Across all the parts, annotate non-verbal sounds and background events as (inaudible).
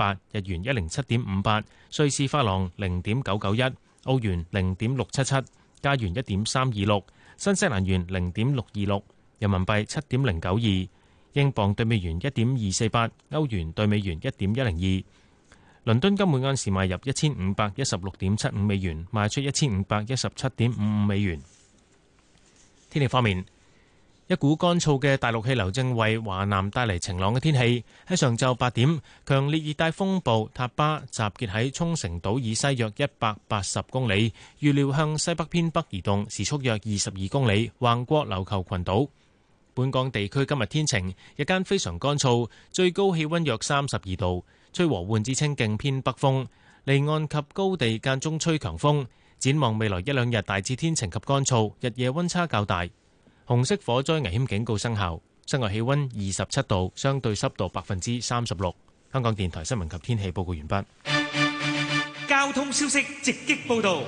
八日元一零七點五八，瑞士法郎零點九九一，澳元零點六七七，加元一點三二六，新西蘭元零點六二六，人民幣七點零九二，英鎊兌美元一點二四八，歐元兌美元一點一零二。倫敦金每盎司買入一千五百一十六點七五美元，賣出一千五百一十七點五五美元。天氣方面。一股乾燥嘅大陸氣流正為華南帶嚟晴朗嘅天氣。喺上晝八點，強烈熱帶風暴塔巴集結喺沖繩島以西約一百八十公里，預料向西北偏北移動，時速約二十二公里，橫過琉球群島。本港地區今日天晴，日間非常乾燥，最高氣温約三十二度，吹和緩至清勁偏北風，離岸及高地間中吹強風。展望未來一兩日，大致天晴及乾燥，日夜温差較大。紅色火災危險警告生效，室外氣温二十七度，相對濕度百分之三十六。香港電台新聞及天氣報告完畢。交通消息直擊報道。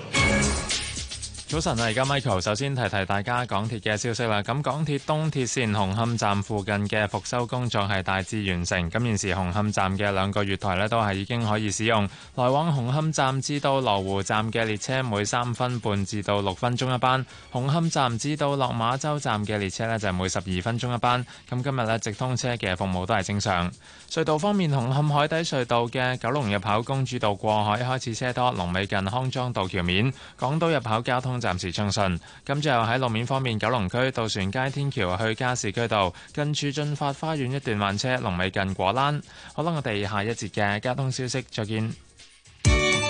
早晨啊，而家 Michael 首先提提大家港鐵嘅消息啦。咁港鐵東鐵綫紅磡站附近嘅復修工作係大致完成。咁現時紅磡站嘅兩個月台咧都係已經可以使用。來往紅磡站至到羅湖站嘅列車每三分半至到六分鐘一班，紅磡站至到落馬洲站嘅列車咧就每十二分鐘一班。咁今日咧直通車嘅服務都係正常。隧道方面，紅磡海底隧道嘅九龍入口公主道過海開始車多，龍尾近康莊道橋面；港島入口交通暫時暢順。咁最後喺路面方面，九龍區渡船街天橋去加士居道近處駿發花園一段慢車，龍尾近果欄。好啦，我哋下一節嘅交通消息再見。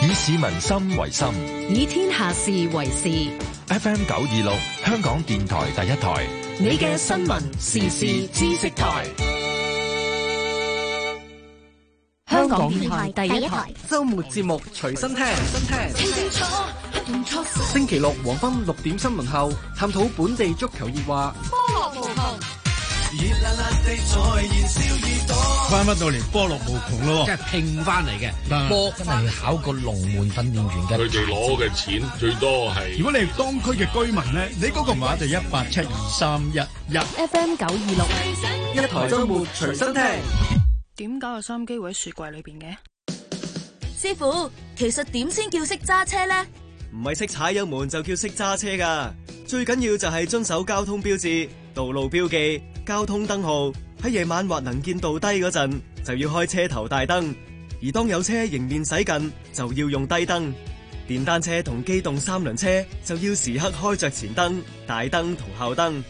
以市民心為心，嗯、以天下事為事。FM 九二六，香港電台第一台。你嘅新聞、時事、知識台。港台第一台周末節目隨身聽，聽清楚，星期六黃昏六點新聞後，探討本地足球熱話。波樂無窮，熱辣辣地在燃燒耳朵。翻翻到嚟波樂無窮咯，即係拼翻嚟嘅。波真係要考個龍門訓練員嘅。佢哋攞嘅錢最多係。如果你係當區嘅居民咧，你嗰個碼就一八七二三一一。F M 九二六，一台周末隨身聽。點解個心機會喺雪櫃裏邊嘅？師傅，其實點先叫識揸車呢？唔係識踩油門就叫識揸車噶，最緊要就係遵守交通標誌、道路標記、交通燈號。喺夜晚或能見度低嗰陣，就要開車頭大燈；而當有車迎面駛近，就要用低燈。電單車同機動三輪車就要時刻開着前燈、大燈同後燈。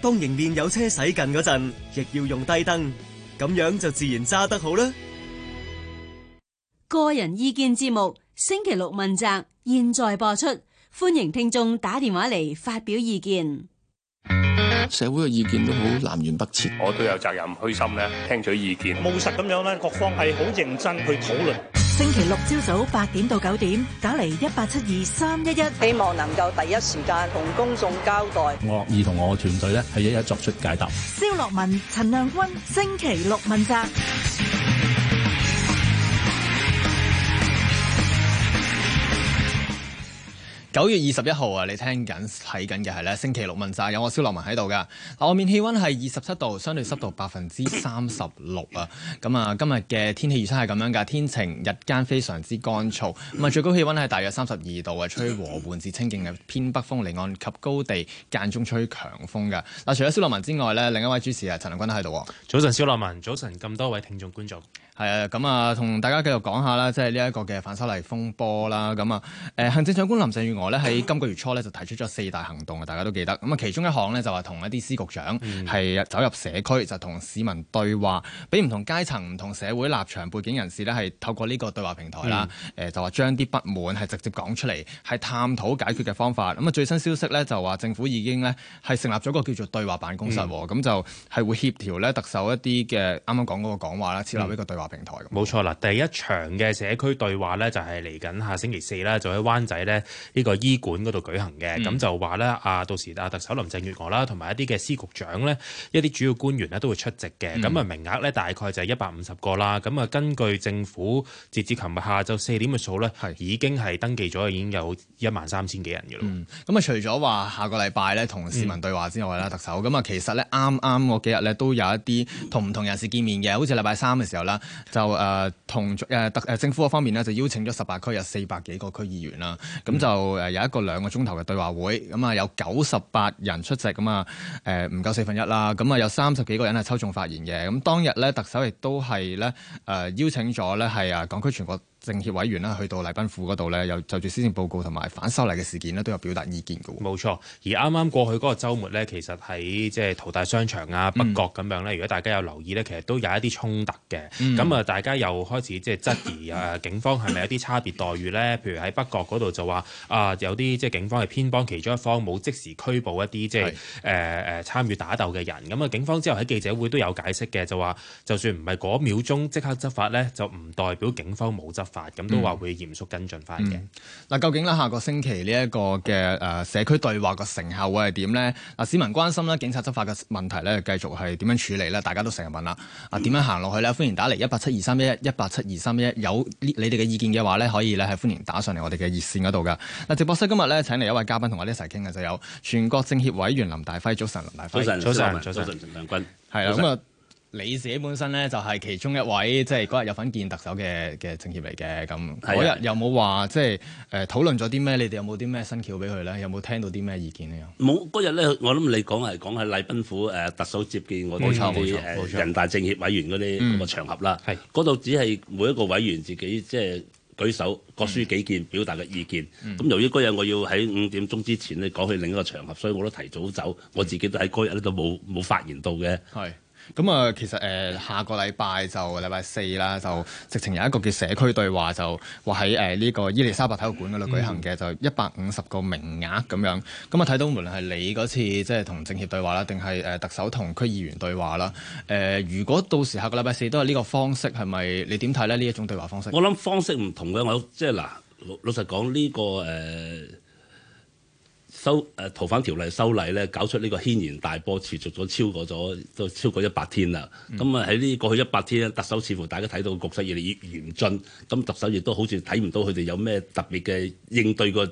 當迎面有車駛近嗰陣，亦要用低燈。咁樣就自然揸得好啦。個人意見節目，星期六問責，現在播出，歡迎聽眾打電話嚟發表意見。社會嘅意見都好南轅北轍，我都有責任虛心咧聽取意見。務實咁樣咧，各方係好認真去討論。星期六朝早八點到九點打嚟一八七二三一一，希望能夠第一時間同公眾交代，樂意同我團隊咧係一,一一作出解答。蕭洛汶、陳亮均，星期六問責。九月二十一號啊，你聽緊睇緊嘅係咧，星期六問晒，有我蕭洛汶喺度噶。外面氣溫係二十七度，相對濕度百分之三十六啊。咁啊， (coughs) 今日嘅天氣預測係咁樣噶，天晴，日間非常之乾燥。咁啊，最高氣溫係大約三十二度啊，吹和緩至清勁嘅偏北風，離岸及高地間中吹強風噶。嗱，除咗蕭洛汶之外咧，另一位主持啊，陳亮均都喺度。早晨，蕭洛汶，早晨，咁多位聽眾觀眾。係啊，咁啊，同大家繼續講下啦，即係呢一個嘅反修例風波啦，咁、嗯、啊，誒行政長官林鄭月娥呢，喺今個月初呢，就提出咗四大行動啊，大家都記得，咁啊其中一行呢，就話同一啲司局長係走入社區，嗯、就同市民對話，俾唔同階層、唔同社會立場背景人士呢，係透過呢個對話平台啦，誒、嗯、就話將啲不滿係直接講出嚟，係探討解決嘅方法。咁啊最新消息呢，就話政府已經呢，係成立咗個叫做對話辦公室喎，咁、嗯、就係會協調呢，特首一啲嘅啱啱講嗰個講話啦，設立呢個對話。冇錯啦，第一場嘅社區對話呢，就係嚟緊下星期四啦，就喺灣仔呢呢個醫館嗰度舉行嘅。咁、嗯、就話呢，啊到時啊特首林鄭月娥啦，同埋一啲嘅司局長呢，一啲主要官員呢，都會出席嘅。咁啊、嗯、名額呢，大概就係一百五十個啦。咁啊根據政府截至琴日下晝四點嘅數呢是的，已經係登記咗已經有一萬三千幾人嘅啦。咁啊、嗯、除咗話下個禮拜呢，同市民對話之外啦，嗯、特首咁啊其實呢，啱啱嗰幾日呢，都有一啲同唔同人士見面嘅，好似禮拜三嘅時候啦。就誒同誒特誒政府方面咧，就邀請咗十八區有四百幾個區議員啦。咁、嗯、就誒有一個兩個鐘頭嘅對話會。咁啊有九十八人出席，咁啊誒唔夠四分一啦。咁啊有三十幾個人係抽中發言嘅。咁當日咧，特首亦都係咧誒邀請咗咧係啊港區全國。政協委員啦，去到禮賓府嗰度咧，又就住施政報告同埋反修例嘅事件咧，都有表達意見嘅。冇錯，而啱啱過去嗰個週末咧，其實喺即係淘大商場啊、北角咁樣咧，嗯、如果大家有留意咧，其實都有一啲衝突嘅。咁啊、嗯，大家又開始即係質疑啊、嗯、警方係咪有啲差別待遇咧？ (coughs) 譬如喺北角嗰度就話啊，有啲即係警方係偏幫其中一方，冇即時拘捕一啲即係誒誒參與打鬥嘅人。咁啊，警方之後喺記者會都有解釋嘅，就話就算唔係嗰秒鐘即刻執法咧，就唔代表警方冇執法。咁都話會嚴肅跟進翻嘅。嗱，究竟咧下個星期呢一個嘅誒社區對話個成效會係點呢？嗱，市民關心咧警察執法嘅問題咧，繼續係點樣處理咧？大家都成日問啦。嗱，點樣行落去咧？歡迎打嚟一八七二三一一一八七二三一一有你哋嘅意見嘅話咧，可以咧係歡迎打上嚟我哋嘅熱線嗰度噶。嗱，直播室今日咧請嚟一位嘉賓同我哋一齊傾嘅就有全國政協委員林大輝，早晨林大輝，早晨早晨早晨梁君，係啦咁啊。你自己本身咧就係、是、其中一位，即係嗰日有份見特首嘅嘅政協嚟嘅。咁嗰日有冇話即係誒討論咗啲咩？你哋有冇啲咩新橋俾佢咧？有冇聽到啲咩意見咧？冇嗰日咧，我諗你講係講喺禮賓府誒、呃、特首接見我哋冇錯冇錯啲人大政協委員嗰啲嗰個場合啦。係嗰度只係每一個委員自己即係舉手各抒己見，表達嘅意見。咁由於嗰日我要喺五點鐘之前咧講去另一個場合，所以我都提早走。我自己都喺嗰日咧都冇冇發言到嘅。係、嗯。的咁啊，其實誒下個禮拜就禮拜四啦，就直情有一個叫社區對話，就話喺誒呢個伊利沙伯體育館嗰度舉行嘅，就一百五十個名額咁樣。咁啊、嗯，睇到無論係你嗰次即係同政協對話啦，定係誒特首同區議員對話啦。誒，如果到時下個禮拜四都係呢個方式，係咪你點睇咧？呢一種對話方式？我諗方式唔同嘅，我即係嗱，老老實講呢、呢個誒。呃收誒逃犯條例修例咧，搞出呢個軒然大波，持續咗超過咗都超過一百天啦。咁啊喺呢過去一百天咧，特首似乎大家睇到局勢越嚟越嚴峻，咁特首亦都好似睇唔到佢哋有咩特別嘅應對個，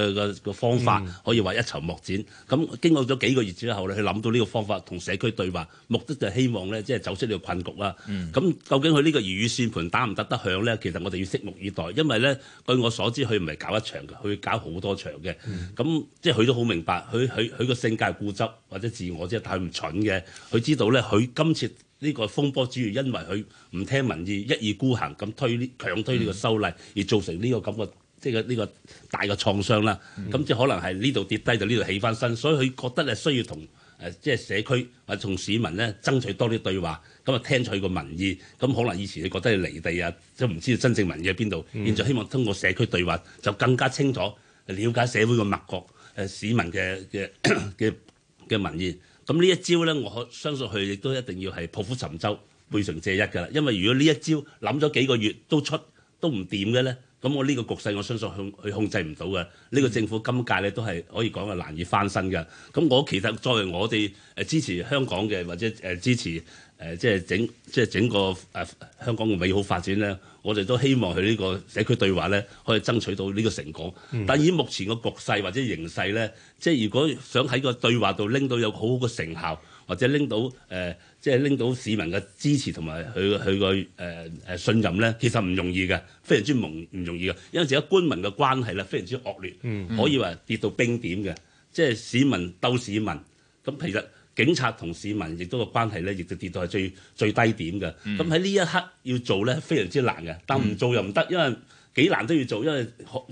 嘅個個方法可以話一籌莫展，咁經過咗幾個月之後咧，佢諗到呢個方法同社區對話，目的就係希望咧，即係走出呢個困局啦、啊。咁、嗯、究竟佢呢個如意算盤打唔打得響咧？其實我哋要拭目以待，因為咧據我所知，佢唔係搞一場嘅，佢搞好多場嘅。咁、嗯、即係佢都好明白，佢佢佢個性格固執或者自我，即係太唔蠢嘅。佢知道咧，佢今次呢個風波主要因為佢唔聽民意，一意孤行咁推強推呢個修例，嗯、而造成呢、這個咁嘅。即係呢個大嘅創傷啦，咁、嗯、即係可能係呢度跌低就呢度起翻身，所以佢覺得咧需要同誒、呃、即係社區啊，同、呃、市民咧爭取多啲對話，咁啊聽取個民意，咁可能以前佢覺得係離地啊，即唔知真正民意喺邊度，現在、嗯、希望通過社區對話就更加清楚了解社會嘅脈絡，誒、呃、市民嘅嘅嘅嘅民意。咁呢一招咧，我相信佢亦都一定要係破釜沉舟背城借一㗎啦，因為如果呢一招諗咗幾個月都出都唔掂嘅咧。咁我呢個局勢，我相信控佢控制唔到嘅。呢、這個政府今屆咧都係可以講係難以翻身嘅。咁我其實作為我哋誒支持香港嘅，或者誒支持誒即係整即係、就是、整個誒、呃、香港嘅美好發展咧，我哋都希望佢呢個社區對話咧可以爭取到呢個成果。但以目前個局勢或者形勢咧，即係如果想喺個對話度拎到有好好嘅成效，或者拎到誒。呃即係拎到市民嘅支持同埋佢佢個誒誒信任咧，其實唔容易嘅，非常之蒙唔容易嘅，因為而家官民嘅關係咧非常之惡劣，嗯嗯、可以話跌到冰點嘅。即係市民鬥市民，咁其實警察同市民亦都個關係咧，亦都跌到係最最低點嘅。咁喺呢一刻要做咧，非常之難嘅，但唔做又唔得，因為幾難都要做，因為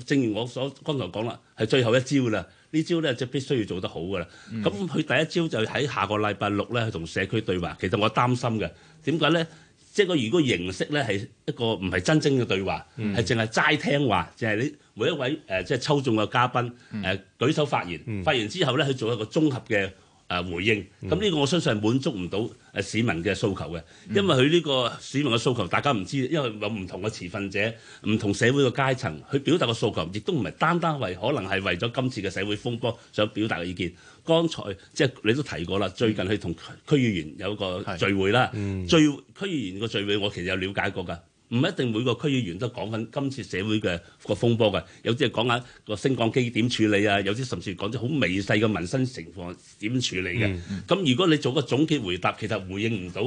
正如我所剛才講啦，係最後一招㗎啦。呢招咧就必須要做得好㗎啦。咁佢、嗯、第一招就喺下個禮拜六咧，去同社區對話。其實我擔心嘅，點解咧？即係個如果形式咧係一個唔係真正嘅對話，係淨係齋聽話，淨係你每一位誒、呃、即係抽中嘅嘉賓誒、呃、舉手發言，嗯、發言之後咧去做一個綜合嘅。啊！回應咁呢、嗯、個，我相信係滿足唔到誒市民嘅訴求嘅，嗯、因為佢呢個市民嘅訴求，大家唔知，因為有唔同嘅持份者，唔同社會嘅階層，去表達嘅訴求亦都唔係單單為可能係為咗今次嘅社會風波想表達嘅意見。剛才即係你都提過啦，嗯、最近去同區議員有個聚會啦，聚區議員個聚會，嗯、聚會我其實有了解過㗎。唔一定每個區議員都講緊今次社會嘅個風波㗎，有啲係講下個升降機點處理啊，有啲甚至講啲好微細嘅民生情況點處理嘅。咁、嗯嗯、如果你做個總結回答，其實回應唔到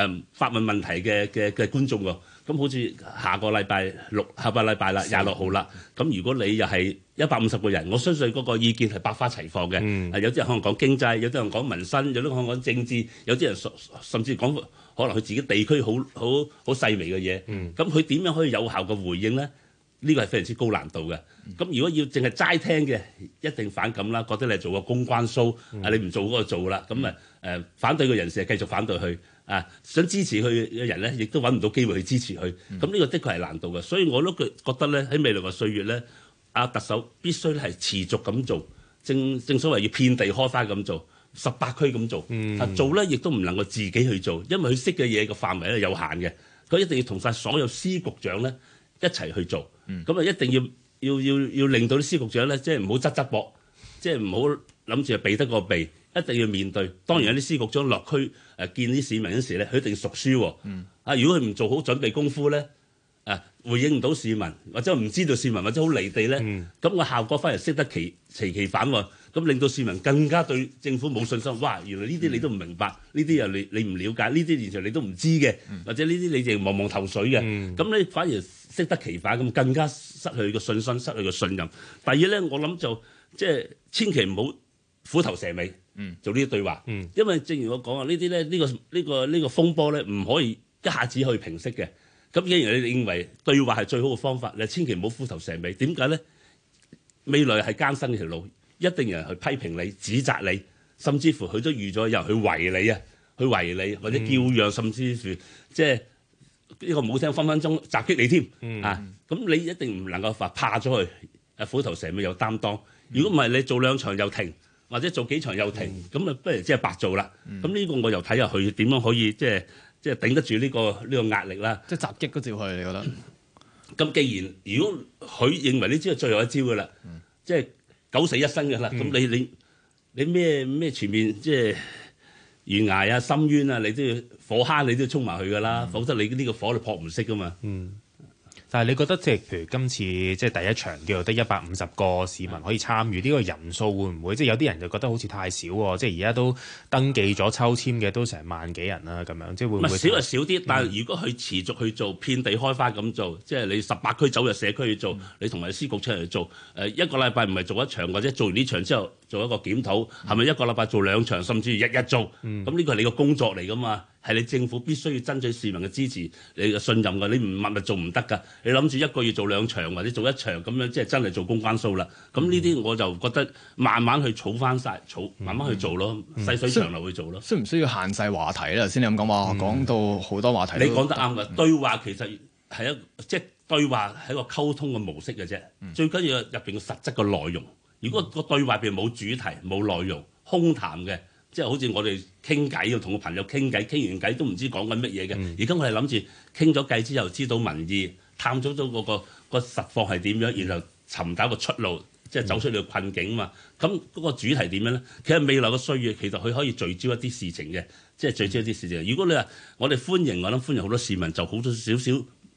誒發問問題嘅嘅嘅觀眾㗎。咁好似下個禮拜六，下個禮拜啦，廿六號啦。咁是如果你又係一百五十個人，我相信嗰個意見係百花齊放嘅。嗯、有啲人可能講經濟，有啲人講民生，有啲可能講政治，有啲人甚甚至講。可能佢自己地區好好好細微嘅嘢，咁佢點樣可以有效嘅回應咧？呢、這個係非常之高難度嘅。咁、嗯、如果要淨係齋聽嘅，一定反感啦，覺得你做個公關 show，啊、嗯、你唔做嗰個做啦，咁咪誒反對嘅人士繼續反對佢啊、呃，想支持佢嘅人咧，亦都搵唔到機會去支持佢。咁呢、嗯、個的確係難度嘅，所以我都覺覺得咧喺未來嘅歲月咧，阿、啊、特首必須咧係持續咁做，正正所謂要遍地開花咁做。十八區咁做，啊、嗯、做咧亦都唔能夠自己去做，因為佢識嘅嘢個範圍咧有限嘅，佢一定要同晒所有司局長咧一齊去做，咁啊、嗯、一定要要要要令到啲司局長咧即係唔好側側膊，即係唔好諗住避得個鼻，一定要面對。當然有啲司局長落區誒、呃、見啲市民嗰時咧，佢一定要熟書喎。啊、嗯，如果佢唔做好準備功夫咧，誒、呃、回應唔到市民，或者唔知道市民，或者好離地咧，咁個效果反而適得其其其反喎。嗯咁令到市民更加對政府冇信心。哇！原來呢啲你都唔明白，呢啲又你你唔了解，呢啲現場你都唔知嘅，嗯、或者呢啲你就望望頭水嘅。咁咧、嗯、反而適得其反，咁更加失去個信心，失去個信任。第二咧，我諗就即係、就是、千祈唔好虎頭蛇尾、嗯、做呢啲對話，嗯、因為正如我講啊，呢啲咧呢個呢、這個呢、這個這個風波咧唔可以一下子去平息嘅。咁既然你認為對話係最好嘅方法，你千祈唔好虎頭蛇尾。點解咧？未來係艱辛條路。一定有人去批評你、指責你，甚至乎佢都預咗有人去圍你啊，去圍你或者叫嚷，甚至乎即係呢個冇聲分分鐘襲擊你添啊！咁你一定唔能夠話怕咗佢，虎頭蛇尾冇擔當。如果唔係你做兩場又停，或者做幾場又停，咁啊不如即係白做啦。咁呢個我又睇下佢點樣可以即係即係頂得住呢個呢個壓力啦。即係襲擊嗰佢，你覺得。咁既然如果佢認為呢招係最後一招噶啦，即係。九死一生㗎喇，咁、嗯、你你你咩咩前面即係懸崖啊、深淵啊，你都要火坑你都要衝埋去㗎喇，嗯、否則你呢個火你撲唔熄㗎嘛。嗯但係你覺得即係譬如今次即係第一場叫做得一百五十個市民可以參與，呢個人數會唔會即係有啲人就覺得好似太少喎？即係而家都登記咗抽籤嘅都成萬幾人啦，咁樣即係會唔會？唔係少係少啲，小小嗯、但係如果佢持續去做遍地開花咁做，即係你十八區走入社區去做，嗯、你同埋司局出嚟去，去做，誒、呃、一個禮拜唔係做一場或者做完呢場之後。做一個檢討係咪一個禮拜做兩場，甚至於一日做？咁呢個係你個工作嚟㗎嘛？係你政府必須要爭取市民嘅支持、你嘅信任㗎。你唔密咪做唔得㗎。你諗住一個月做兩場，或者做一場咁樣，即係真係做公關數啦。咁呢啲我就覺得慢慢去儲翻晒，儲慢慢去做咯，細、嗯、水長流去做咯。需唔需要限制話題咧？先、嗯嗯嗯嗯嗯嗯嗯、你咁講話講到好多話題。你講得啱㗎，對話其實係一即係、就是、對話係一個溝通嘅模式嘅啫，最緊要入邊嘅實質嘅內容。如果個對話入邊冇主題冇內容，空談嘅，即係好似我哋傾偈要同個朋友傾偈，傾完偈都唔知講緊乜嘢嘅。而家、嗯、我哋諗住傾咗偈之後，知道民意，探咗咗嗰個、嗰個實況係點樣，然後尋找個出路，即係走出你個困境嘛。咁嗰個主題點樣咧？其實未來嘅歲月，其實佢可以聚焦一啲事情嘅，即係聚焦一啲事情。如果你話我哋歡迎，我諗歡迎好多市民，就好少少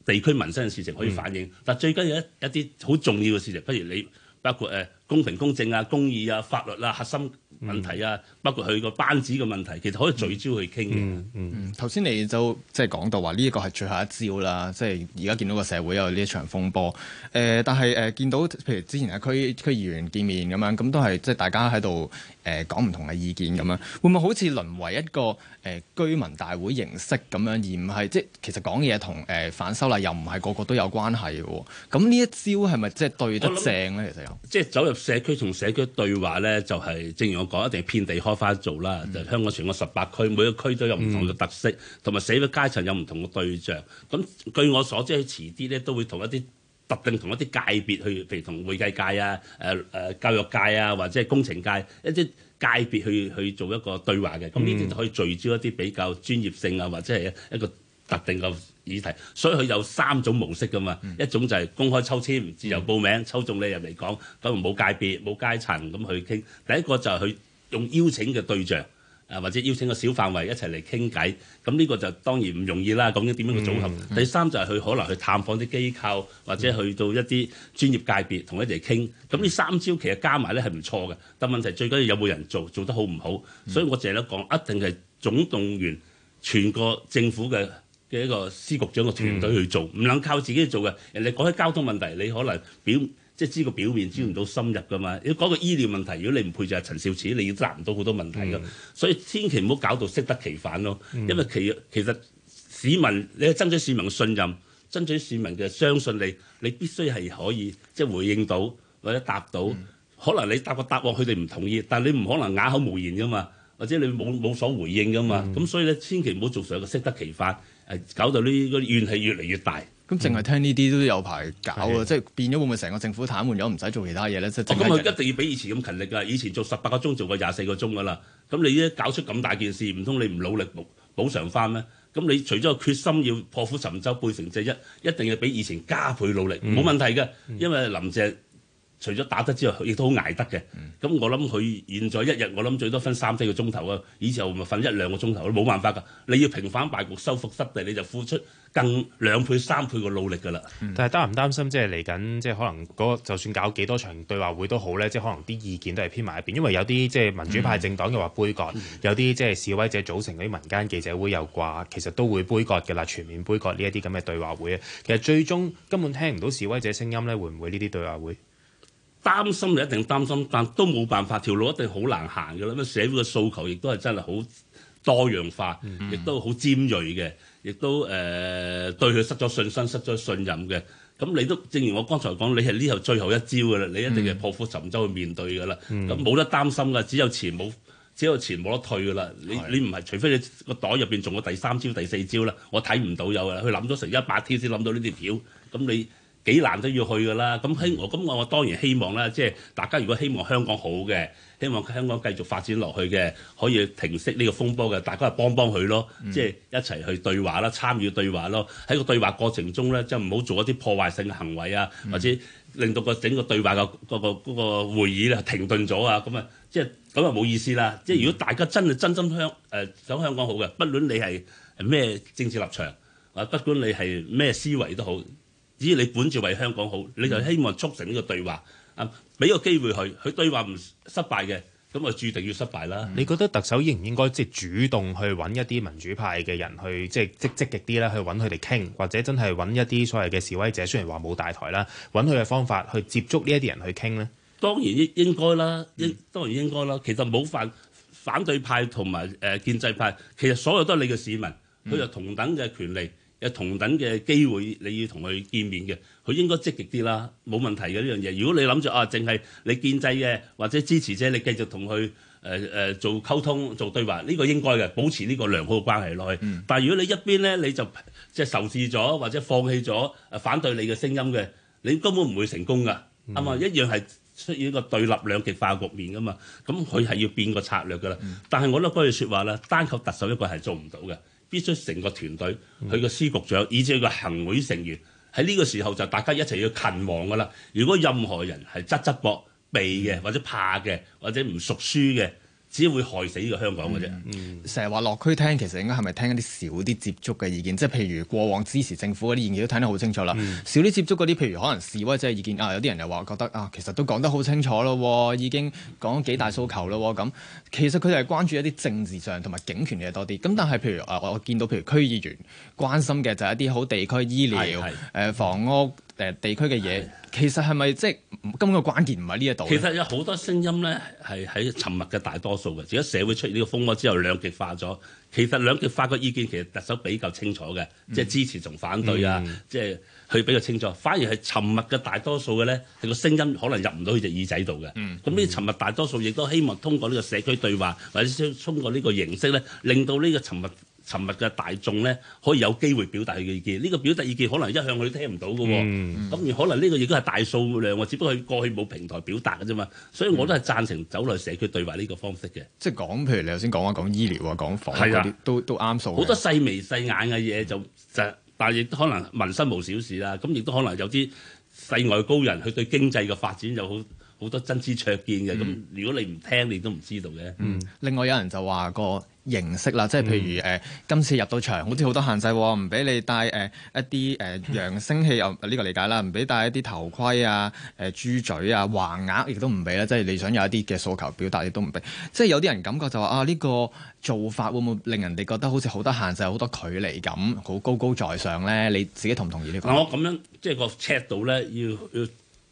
地區民生嘅事情可以反映。嗯、但最緊要一一啲好重要嘅事情，譬如你包括誒。呃公平公正啊、公義啊、法律啊、核心問題啊，嗯、包括佢個班子嘅問題，其實可以聚焦去傾嘅，嗯。嗯，頭先你就即係講到話呢一個係最後一招啦，即係而家見到個社會有呢一場風波。誒、呃，但係誒見到譬如之前啊，區區議員見面咁樣，咁都係即係大家喺度。誒、呃、講唔同嘅意見咁樣，會唔會好似淪為一個誒、呃、居民大會形式咁樣，而唔係即係其實講嘢同誒反修例又唔係個個都有關係嘅？咁呢一招係咪即係對得正咧？其實又即係走入社區同社區對話咧，就係、是、正如我講，一定係遍地開花做啦。嗯、就香港全個十八區，每個區都有唔同嘅特色，同埋、嗯、社會階層有唔同嘅對象。咁據我所知，佢遲啲咧都會同一啲。特定同一啲界別去，譬如同會計界啊、誒、呃、誒教育界啊，或者係工程界一啲界別去去做一個對話嘅，咁呢啲就可以聚焦一啲比較專業性啊，或者係一個特定嘅議題。所以佢有三種模式㗎嘛，嗯、一種就係公開抽籤，自由報名、嗯、抽中你入嚟講，咁冇界別冇階層咁去傾。第一個就係佢用邀請嘅對象。啊，或者邀請個小範圍一齊嚟傾偈，咁、這、呢個就當然唔容易啦。咁點樣個組合？嗯嗯、第三就係、是、去可能去探訪啲機構，嗯、或者去到一啲專業界別同佢哋嚟傾。咁呢、嗯、三招其實加埋咧係唔錯嘅，但問題最緊要有冇人做，做得好唔好？嗯、所以我淨係講，一定係總動員全個政府嘅嘅一個司局長嘅團隊去做，唔、嗯、能靠自己去做嘅。人哋講起交通問題，你可能表。即係知個表面，知唔到深入噶嘛。如果個醫療問題，如果你唔配就係陳肇始，你要答唔到好多問題噶。嗯、所以千祈唔好搞到適得其反咯。嗯、因為其其實市民，你爭取市民嘅信任，爭取市民嘅相信你，你必須係可以即係回應到或者答到。嗯、可能你答個答案佢哋唔同意，但係你唔可能啞口無言噶嘛，或者你冇冇所回應噶嘛。咁、嗯嗯嗯、所以咧，千祈唔好做成個適得其反，誒搞到呢個怨氣越嚟越大。咁淨係聽呢啲都有排搞啊！的即係變咗會唔會成個政府癱瘓咗，唔使做其他嘢咧？即係哦，咁佢一定要比以前咁勤力噶。以前做十八個鐘，做過廿四個鐘噶啦。咁你咧搞出咁大件事，唔通你唔努力補補償翻咩？咁你除咗個決心要破釜沉舟，背水一戰，一定要比以前加倍努力，冇、嗯、問題嘅。嗯、因為林鄭。除咗打得之外，亦都好捱得嘅。咁、嗯嗯、我諗佢現在一日，我諗最多瞓三四個鐘頭啊。以前咪瞓一兩個鐘頭都冇辦法㗎。你要平反敗局、收復失地，你就付出更兩倍、三倍嘅努力㗎啦。嗯、但係擔唔擔心，即係嚟緊，即係可能嗰、那個、就算搞幾多場對話會都好咧，即係可能啲意見都係偏埋一邊，因為有啲即係民主派政黨嘅話杯葛，嗯、有啲即係示威者組成嗰啲民間記者會又掛，其實都會杯葛嘅啦，全面杯葛呢一啲咁嘅對話會。其實最終根本聽唔到示威者聲音咧，會唔會呢啲對話會？擔心，你一定擔心，但都冇辦法，條路一定好難行嘅啦。咁社會嘅訴求亦都係真係好多樣化，亦、嗯、都好尖鋭嘅，亦都誒、呃、對佢失咗信心、失咗信任嘅。咁你都正如我剛才講，你係呢頭最後一招嘅啦，你一定係破釜沉舟去面對嘅啦。咁冇、嗯、得擔心嘅，只有前冇，只有前冇得退嘅啦的。你你唔係，除非你個袋入邊仲有第三招、第四招啦，我睇唔到有嘅。佢諗咗成一百天先諗到呢啲票，咁你。幾難都要去㗎啦，咁希我咁我我當然希望啦，即係大家如果希望香港好嘅，希望香港繼續發展落去嘅，可以停息呢個風波嘅，大家係幫幫佢咯，嗯、即係一齊去對話啦，參與對話咯，喺個對話過程中咧，就唔好做一啲破壞性嘅行為啊，嗯、或者令到個整個對話，嗰個、嗰個、嗰個會議咧停頓咗啊，咁啊，即係咁啊冇意思啦，即係如果大家真係真心想誒想香港好嘅，不論你係咩政治立場，啊，不管你係咩思維都好。只你本住為香港好，你就希望促成呢個對話，啊，俾個機會佢，佢對話唔失敗嘅，咁啊注定要失敗啦。嗯、你覺得特首應唔應該即係主動去揾一啲民主派嘅人去即係積積極啲咧，去揾佢哋傾，或者真係揾一啲所謂嘅示威者，雖然話冇大台啦，揾佢嘅方法去接觸呢一啲人去傾咧？當然應應該啦，應、嗯、當然應該啦。其實冇反反對派同埋誒建制派，其實所有都係你嘅市民，佢就同等嘅權利。嗯嗯同等嘅機會，你要同佢見面嘅，佢應該積極啲啦，冇問題嘅呢樣嘢。如果你諗住啊，淨係你建制嘅或者支持者，你繼續同佢誒誒做溝通做對話，呢、呢個應該嘅，保持呢個良好嘅關係落去。嗯、但係如果你一邊咧你就即係仇視咗或者放棄咗反對你嘅聲音嘅，你根本唔會成功噶，啱啊，嗯，一樣係出現一個對立兩極化局面噶嘛。咁佢係要變個策略噶啦，嗯、但係我都嗰句説話啦，單靠特首一個係做唔到嘅。必須成個團隊，佢個司局長，以至佢個行會成員喺呢個時候就大家一齊要勤王㗎啦！如果任何人係側側膊避嘅，或者怕嘅，或者唔熟輸嘅。只會害死呢個香港嘅啫、嗯。成日話落區聽，其實應該係咪聽一啲少啲接觸嘅意見？即係譬如過往支持政府嗰啲意見都聽得好清楚啦。嗯、少啲接觸嗰啲，譬如可能示威者嘅意見啊，有啲人又話覺得啊，其實都講得好清楚咯，已經講幾大訴求咯。咁、嗯、其實佢哋係關注一啲政治上同埋警權嘅嘢多啲。咁但係譬如啊，我見到譬如區議員關心嘅就係一啲好地區醫療、誒、呃、房屋。 (laughs) 誒地區嘅嘢，的其實係咪即係根本嘅關鍵唔喺呢一度？其實有好多聲音咧，係喺沉默嘅大多數嘅。而家社會出現呢個風波之後，兩極化咗。其實兩極化嘅意見其實特首比較清楚嘅，嗯、即係支持同反對、嗯、啊，即係去比較清楚。反而係沉默嘅大多數嘅咧，係個聲音可能入唔到佢隻耳仔度嘅。咁呢啲沉默大多數亦都希望通過呢個社區對話或者通通過呢個形式咧，令到呢個沉默。沉默嘅大眾咧，可以有機會表達佢嘅意見。呢、呢個表達意見可能一向佢都聽唔到嘅喎，咁、嗯、而可能呢個亦都係大數量喎，只不過過去冇平台表達嘅啫嘛。所以我都係贊成走嚟社區對話呢個方式嘅。即係講，譬如你頭先講一講醫療啊、講房嗰啲、啊，都都啱數。好多細眉細眼嘅嘢就就，嗯、但係亦都可能民生無小事啦。咁亦都可能有啲世外高人，佢對經濟嘅發展有好好多真知灼見嘅。咁、嗯、如果你唔聽，你都唔知道嘅。嗯，另外有人就話過。形式啦，即係譬如誒、呃，今次入到場，好似好多限制，唔、哦、俾你帶誒、呃、一啲誒、呃、揚聲器啊？呢、呃這個理解啦，唔俾帶一啲頭盔啊、誒、呃、豬嘴啊、橫額，亦都唔俾啦。即係你想有一啲嘅訴求表達，亦都唔俾。即係有啲人感覺就話啊，呢、這個做法會唔會令人哋覺得好似好多限制、好多距離咁、好高高在上咧？你自己同唔同意呢、這個？我咁樣即係、就是、個尺度咧，要要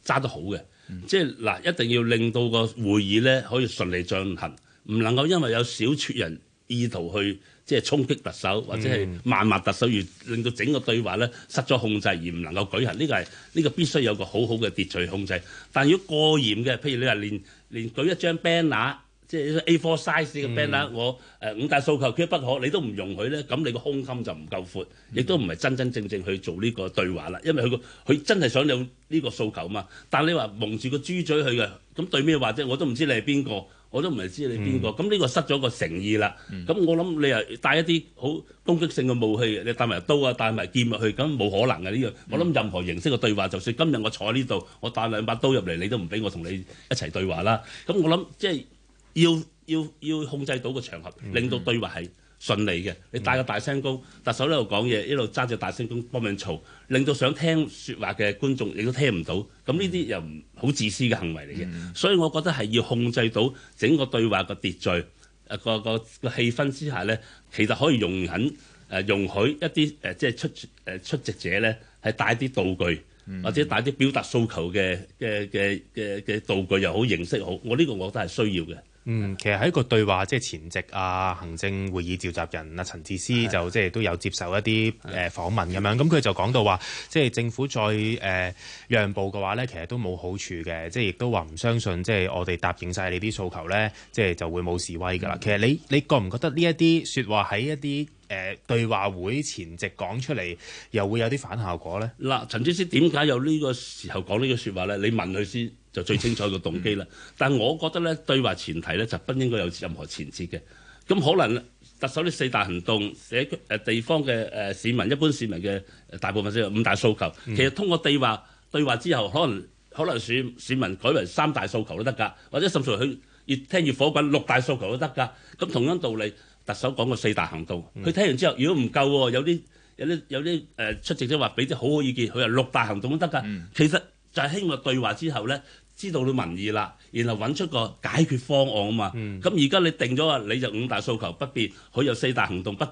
揸得好嘅，嗯、即係嗱，一定要令到個會議咧可以順利進行，唔能夠因為有小撮人。意圖去即係衝擊特首，或者係謾罵特首，而令到整個對話咧失咗控制，而唔能夠舉行。呢、這個係呢、這個必須有個好好嘅秩序控制。但如果過嚴嘅，譬如你話連連舉一張 banner，即係 A4 size 嘅 banner，嗯、我誒、呃、五大訴求缺一不可，你都唔容許咧，咁你個胸襟就唔夠闊，亦都唔係真真正正去做呢個對話啦。因為佢個佢真係想有呢個訴求嘛。但係你話蒙住個豬嘴去嘅，咁對咩話啫？我都唔知你係邊個。我都唔係知你邊個，咁呢、嗯、個失咗個誠意啦。咁、嗯、我諗你又帶一啲好攻擊性嘅武器，你帶埋刀啊，帶埋劍入去，咁冇可能嘅呢樣。我諗任何形式嘅對話，嗯、就算今日我坐喺呢度，我帶兩把刀入嚟，你都唔俾我同你一齊對話啦。咁、嗯、我諗即係要要要控制到個場合，令到對話係嗯嗯順利嘅，你帶個大聲公，特首呢度講嘢，一路揸住大聲公幫命嘈，令到想聽説話嘅觀眾亦都聽唔到，咁呢啲又唔好自私嘅行為嚟嘅，嗯、所以我覺得係要控制到整個對話個秩序、啊、個個個氣氛之下咧，其實可以容忍誒、呃、容許一啲誒、呃、即係出誒、呃、出席者咧係帶啲道具、嗯、或者帶啲表達訴求嘅嘅嘅嘅嘅道具又好形式好，我呢個我覺得係需要嘅。嗯，其實喺一個對話即係前夕啊，行政會議召集人啊，陳智思就即係都有接受一啲誒、呃、訪問咁樣，咁佢的就講到話，即係政府再誒、呃、讓步嘅話咧，其實都冇好處嘅，即係亦都話唔相信即係我哋答應晒你啲訴求咧，即係就會冇示威㗎啦。的其實你你覺唔覺得呢一啲説話喺一啲誒對話會前夕講出嚟，又會有啲反效果咧？嗱、呃，陳智思點解有呢個時候講呢個説話咧？你問佢先。就最清楚個動機啦， (laughs) 嗯、但係我覺得咧對話前提咧就不應該有任何前設嘅。咁可能特首呢四大行動，社區誒地方嘅誒、呃、市民，一般市民嘅、呃、大部分先有五大訴求。嗯、其實通過對話對話之後，可能可能市市民改為三大訴求都得㗎，或者甚至乎佢越聽越火滾，六大訴求都得㗎。咁同樣道理，特首講過四大行動，佢、嗯、聽完之後，如果唔夠喎、啊，有啲有啲有啲誒、呃、出席者話俾啲好好意見，佢話六大行動都得㗎。嗯、其實就係經過對話之後咧。呢呢知道咗民意啦，然後揾出個解決方案啊嘛。咁而家你定咗話，你就五大訴求不變，佢有四大行動不改。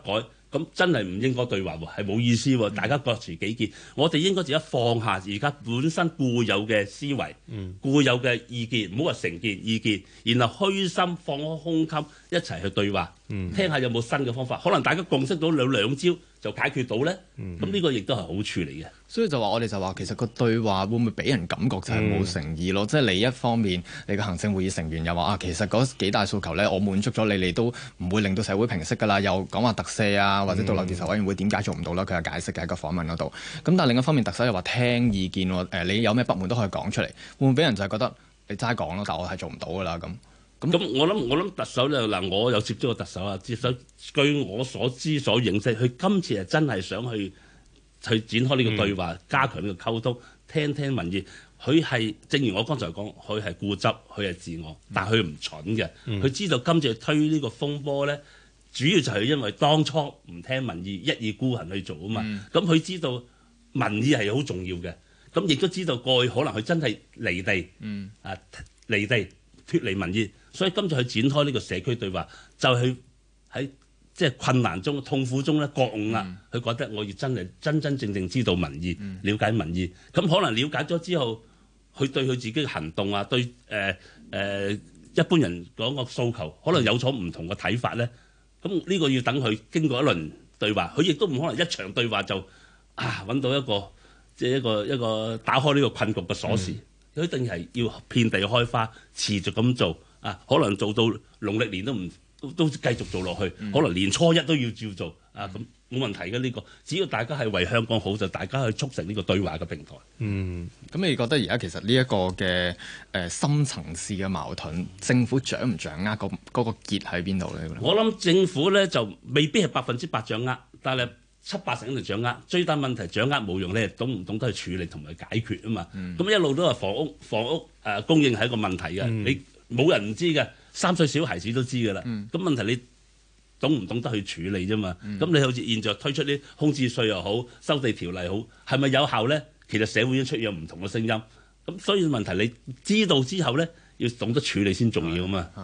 咁真係唔應該對話喎、哦，係冇意思喎、哦。嗯、大家各持己見，我哋應該自己放下而家本身固有嘅思維、嗯、固有嘅意見，唔好話成見意見，然後虛心放開胸襟一齊去對話，嗯、聽下有冇新嘅方法，可能大家共識到兩兩招就解決到呢。咁呢個亦都係好處嚟嘅。所以就話我哋就話其實個對話會唔會俾人感覺就係冇誠意咯？嗯、即係你一方面，你個行政會議成員又話啊，其實嗰幾大訴求咧，我滿足咗你，你都唔會令到社會平息噶啦。又講話特赦啊，或者獨立調查委員會點解、嗯、做唔到咧？佢又解釋嘅喺一個訪問嗰度。咁但係另一方面，特首又話聽意見，誒、呃、你有咩不滿都可以講出嚟，會唔會俾人就係覺得你齋講咯？但我係做唔到噶啦咁。咁咁我諗我諗特首咧嗱，我有接觸過特首啊，特首據我所知所認識，佢今次係真係想去。去展開呢個對話，嗯、加強呢個溝通，聽聽民意。佢係正如我剛才講，佢係固執，佢係自我，但佢唔蠢嘅。佢、嗯、知道今次推呢個風波呢，主要就係因為當初唔聽民意，一意孤行去做啊嘛。咁佢、嗯、知道民意係好重要嘅，咁亦都知道過去可能佢真係離地，嗯、啊離地脫離民意，所以今次去展開呢個社區對話，就係喺。即係困難中、痛苦中咧，覺悟啦。佢、嗯、覺得我要真係真真正正知道民意，嗯、了解民意。咁可能了解咗之後，佢對佢自己嘅行動啊，對誒誒、呃呃、一般人嗰個訴求，可能有咗唔同嘅睇法咧。咁呢個要等佢經過一輪對話，佢亦都唔可能一場對話就啊揾到一個即係一個一個打開呢個困局嘅鎖匙。佢、嗯、一定要係要遍地開花，持續咁做啊！可能做到農曆年都唔～都繼續做落去，嗯、可能年初一都要照做、嗯、啊！咁冇問題嘅呢、呢個，只要大家係為香港好，就大家去促成呢個對話嘅平台。嗯，咁你覺得而家其實呢一個嘅誒、呃、深層次嘅矛盾，政府掌唔掌握、嗰個嗰、嗰個結喺邊度咧？我諗政府咧就未必係百分之百掌握，但係七八成度掌握。最大問題掌握冇用咧，你懂唔懂得去處理同埋解決啊嘛？咁、嗯、一路都係房屋房屋誒、呃、供應係一個問題嘅，你冇、嗯、人知嘅。三歲小孩子都知噶啦，咁、嗯、問題你懂唔懂得去處理啫嘛？咁、嗯、你好似現在推出啲空置稅又好，收地條例好，係咪有效咧？其實社會已經出現唔同嘅聲音，咁所以問題你知道之後咧。要懂得處理先重要啊嘛！係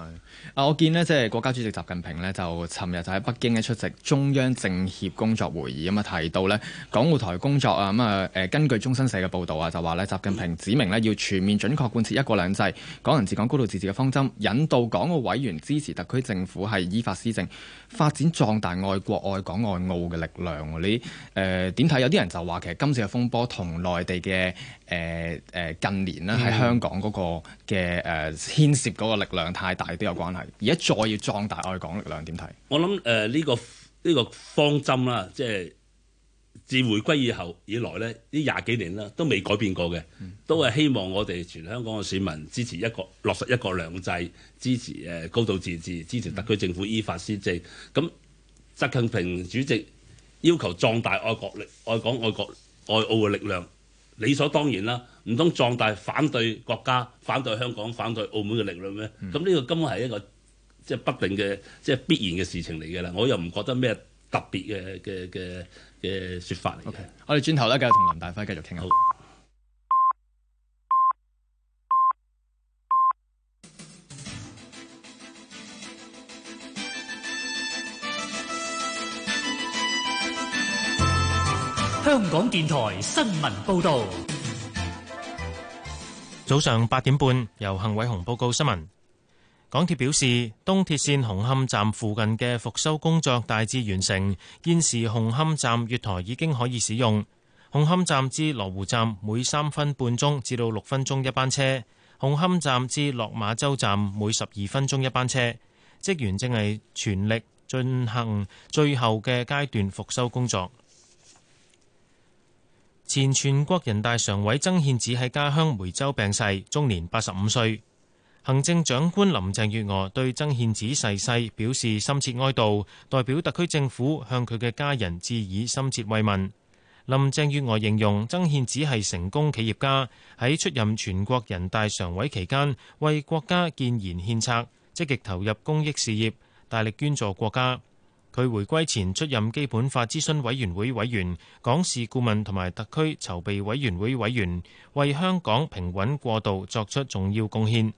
啊，我見咧，即係國家主席習近平呢，就尋日就喺北京咧出席中央政協工作會議咁啊、嗯，提到呢港澳台工作啊，咁啊誒，根據中新社嘅報道啊，就話呢習近平指明呢要全面準確貫徹一國兩制、港人治港、高度自治嘅方針，引導港澳委員支持特區政府係依法施政，發展壯大愛國愛港愛澳嘅力量。你誒點睇？有啲人就話其實今次嘅風波同內地嘅誒誒近年呢，喺香港嗰個嘅誒。呃牽涉嗰個力量太大都有關係，而家再要壯大愛港力量點睇？我諗，誒呢個呢個方針啦，即係自回歸以後以來呢，呢廿幾年啦都未改變過嘅，都係希望我哋全香港嘅市民支持一國，落實一國兩制，支持誒高度自治，支持特區政府依法施政。嗯、咁習近平主席要求壯大愛國力、愛港、愛國、愛澳嘅力量，理所當然啦。唔通壯大反對國家、反對香港、反對澳門嘅力量咩？咁呢個根本係一個即係不定嘅、即係必然嘅事情嚟嘅啦。我又唔覺得咩特別嘅嘅嘅嘅説法嚟嘅。我哋轉頭咧，繼續同林大輝繼續傾啦。好，香港電台新聞報導。早上八點半，由幸偉雄報告新聞。港鐵表示，東鐵線紅磡站附近嘅復修工作大致完成，現時紅磡站月台已經可以使用。紅磡站至羅湖站每三分半鐘至到六分鐘一班車，紅磡站至落馬洲站每十二分鐘一班車。職員正係全力進行最後嘅階段復修工作。前全國人大常委曾憲梓喺家鄉梅州病逝，終年八十五歲。行政長官林鄭月娥對曾憲梓逝世表示深切哀悼，代表特區政府向佢嘅家人致以深切慰問。林鄭月娥形容曾憲梓係成功企業家，喺出任全國人大常委期間為國家建言獻策，積極投入公益事業，大力捐助國家。佢回歸前出任基本法諮詢委員會委員、港事顧問同埋特區籌備委員會委員，為香港平穩過渡作出重要貢獻。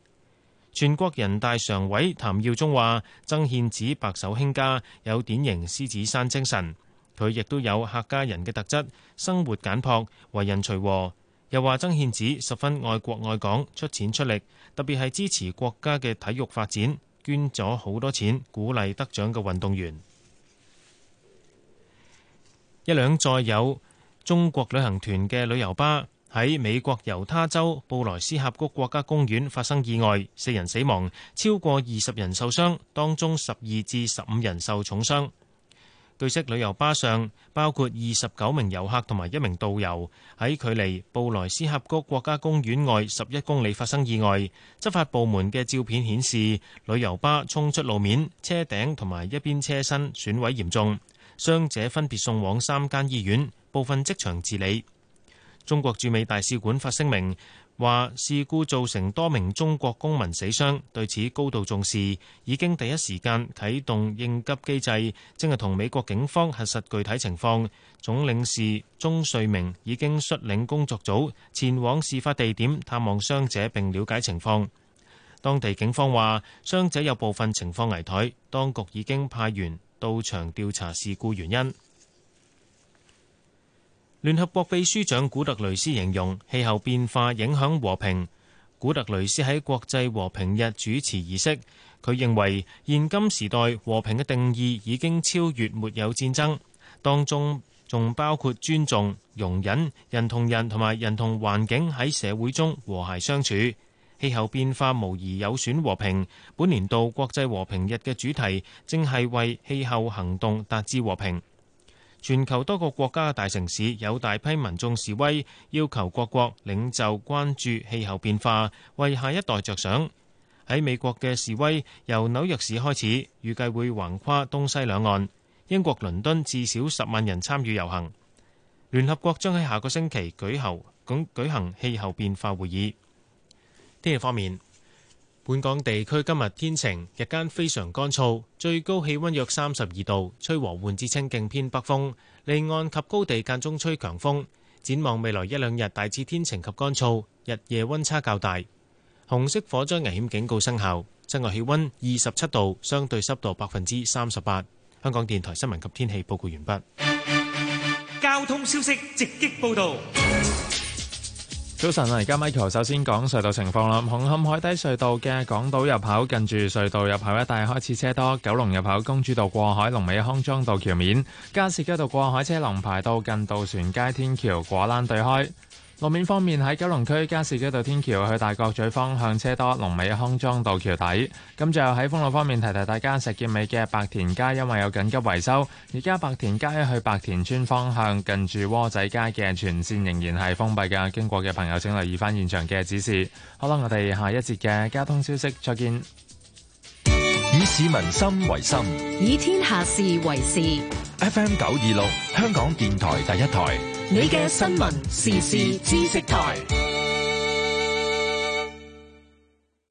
全國人大常委譚耀宗話，曾憲梓白手興家，有典型獅子山精神。佢亦都有客家人嘅特質，生活簡樸，為人隨和。又話曾憲梓十分愛國愛港，出錢出力，特別係支持國家嘅體育發展，捐咗好多錢，鼓勵得獎嘅運動員。一輛載有中國旅行團嘅旅遊巴喺美國猶他州布萊斯峽谷國家公園發生意外，四人死亡，超過二十人受傷，當中十二至十五人受重傷。據悉，旅遊巴上包括二十九名遊客同埋一名導遊，喺距離布萊斯峽谷國家公園外十一公里發生意外。執法部門嘅照片顯示，旅遊巴衝出路面，車頂同埋一邊車身損毀嚴重。傷者分別送往三間醫院，部分即場治理。中國駐美大使館發聲明話：事故造成多名中國公民死傷，對此高度重視，已經第一時間啟動應急機制，正係同美國警方核實具體情況。總領事鐘瑞明已經率領工作組前往事發地點探望傷者並了解情況。當地警方話，傷者有部分情況危殆，當局已經派員。到場調查事故原因。聯合國秘書長古特雷斯形容氣候變化影響和平。古特雷斯喺國際和平日主持儀式，佢認為現今時代和平嘅定義已經超越沒有戰爭，當中仲包括尊重、容忍、人同人同埋人同環境喺社會中和諧相處。氣候變化無疑有損和平。本年度國際和平日嘅主題正係為氣候行動達至和平。全球多個國家大城市有大批民眾示威，要求各國領袖關注氣候變化，為下一代着想。喺美國嘅示威由紐約市開始，預計會橫跨東西兩岸。英國倫敦至少十萬人參與遊行。聯合國將喺下個星期舉行舉行氣候變化會議。天氣方面，本港地區今日天晴，日間非常乾燥，最高氣溫約三十二度，吹和緩至清勁偏北風，離岸及高地間中吹強風。展望未來一兩日，大致天晴及乾燥，日夜溫差較大。紅色火災危險警告生效，室外氣溫二十七度，相對濕度百分之三十八。香港電台新聞及天氣報告完畢。交通消息直擊報道。早晨啊！而家 Michael 首先講隧道情況啦。紅磡海底隧道嘅港島入口近住隧道入口一帶開始車多，九龍入口公主道過海、龍尾康莊道橋面、加士居道過海車龍排到近渡船街天橋果欄對開。路面方面喺九龍區加士居道天橋去大角咀方向車多，龍尾康莊道橋底。咁就喺封路方面提提提大家，石硖尾嘅白田街因為有緊急維修，而家白田街去白田村方向近住窩仔街嘅全線仍然係封閉嘅，經過嘅朋友請留意返現場嘅指示。好啦，我哋下一節嘅交通消息，再見。以市民心為心，以天下事為事。FM 九二六，香港電台第一台。你嘅新聞時事知識台。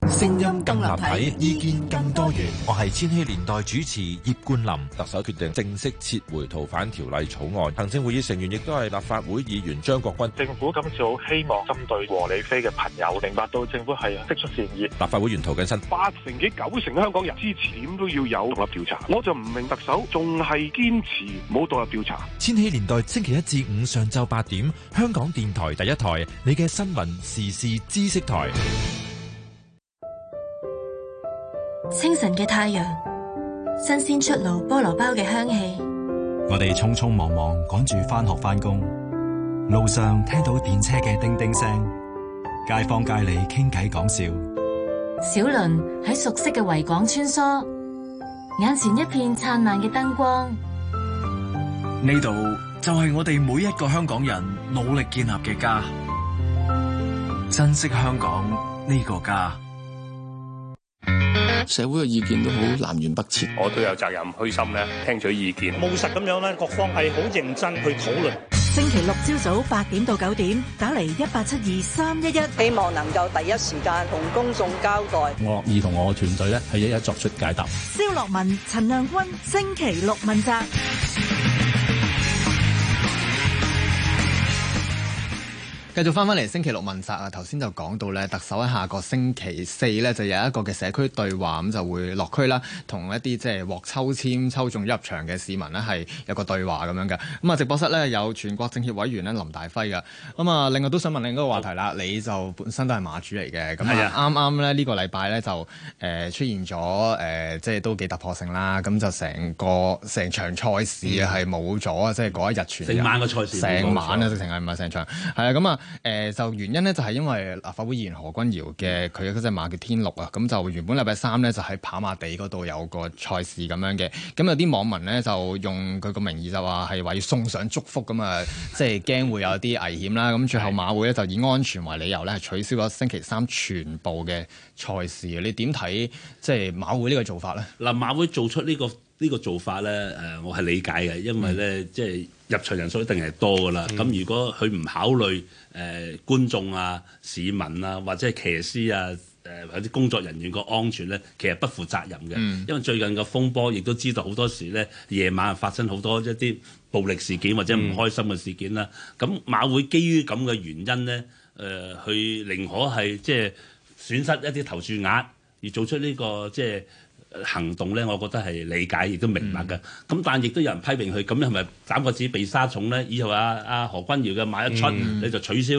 聲音更立體，意見更多元。我係千禧年代主持葉冠霖。特首決定正式撤回逃犯條例草案。行政會議成員亦都係立法會議員張國鈞。政府今次好希望針對和理非嘅朋友，明白到政府係釋出善意。立法會議員涂謹申：八成幾、九成香港人支持，咁都要有獨立調查。我就唔明特首仲係堅持冇獨立調查。千禧年代星期一至五上晝八點，香港電台第一台，你嘅新聞時事知識台。清晨嘅太陽，新鮮出爐菠蘿包嘅香氣。我哋匆匆忙忙趕住返學返工，路上聽到電車嘅叮叮聲，街坊街里傾偈講笑。小輪喺熟悉嘅維港穿梭，眼前一片燦爛嘅燈光。呢度就係我哋每一個香港人努力建立嘅家，珍惜香港呢個家。社會嘅意見都好南轅北轍，我都有責任虛心咧，聽取意見，務實咁樣咧，各方係好認真去討論。星期六朝早八點到九點，打嚟一八七二三一一，希望能夠第一時間同公眾交代。我樂意同我嘅團隊咧，係一一作出解答。蕭洛汶、陳亮均，星期六問責。繼續返返嚟星期六問責啊！頭先就講到咧，特首喺下個星期四咧就有一個嘅社區對話，咁就會落區啦，同一啲即係獲抽籤抽中入場嘅市民呢，係有個對話咁樣嘅。咁啊，直播室呢，有全國政協委員林大輝噶。咁啊，另外都想問另一個話題啦，哦、你就本身都係馬主嚟嘅，咁啊啱啱呢。呢個禮拜呢，就誒出現咗誒，即係都幾突破性啦。咁就成個成場賽事啊，係冇咗，即係嗰一日全成晚嘅賽事，成晚啊，直情係唔係成場？係啊，咁啊。誒、呃、就原因呢，就係、是、因為立法會議員何君瑤嘅佢嗰隻馬叫天鹿啊，咁就原本禮拜三呢，就喺跑馬地嗰度有個賽事咁樣嘅，咁有啲網民呢，就用佢個名義就話係話要送上祝福咁啊， (laughs) 即係驚會有啲危險啦，咁最後馬會呢，就以安全為理由呢，取消咗星期三全部嘅賽事，你點睇即係馬會呢個做法呢？嗱，馬會做出呢、這個。呢個做法呢，誒、呃，我係理解嘅，因為呢，即係入場人數一定係多噶啦。咁、嗯、如果佢唔考慮誒、呃、觀眾啊、市民啊，或者騎師啊，誒、呃、或者工作人員個安全呢，其實不負責任嘅。嗯、因為最近個風波，亦都知道好多時呢，夜晚發生好多一啲暴力事件或者唔開心嘅事件啦。咁、嗯、馬會基於咁嘅原因呢，誒、呃，佢寧可係即係損失一啲投注額，而做出呢個即係。即行動咧，我覺得係理解亦都明白嘅。咁、嗯、但係亦都有人批評佢，咁係咪斬腳趾避沙蟲咧？以後啊，阿、啊、何君堯嘅賣一出，嗯、你就取消。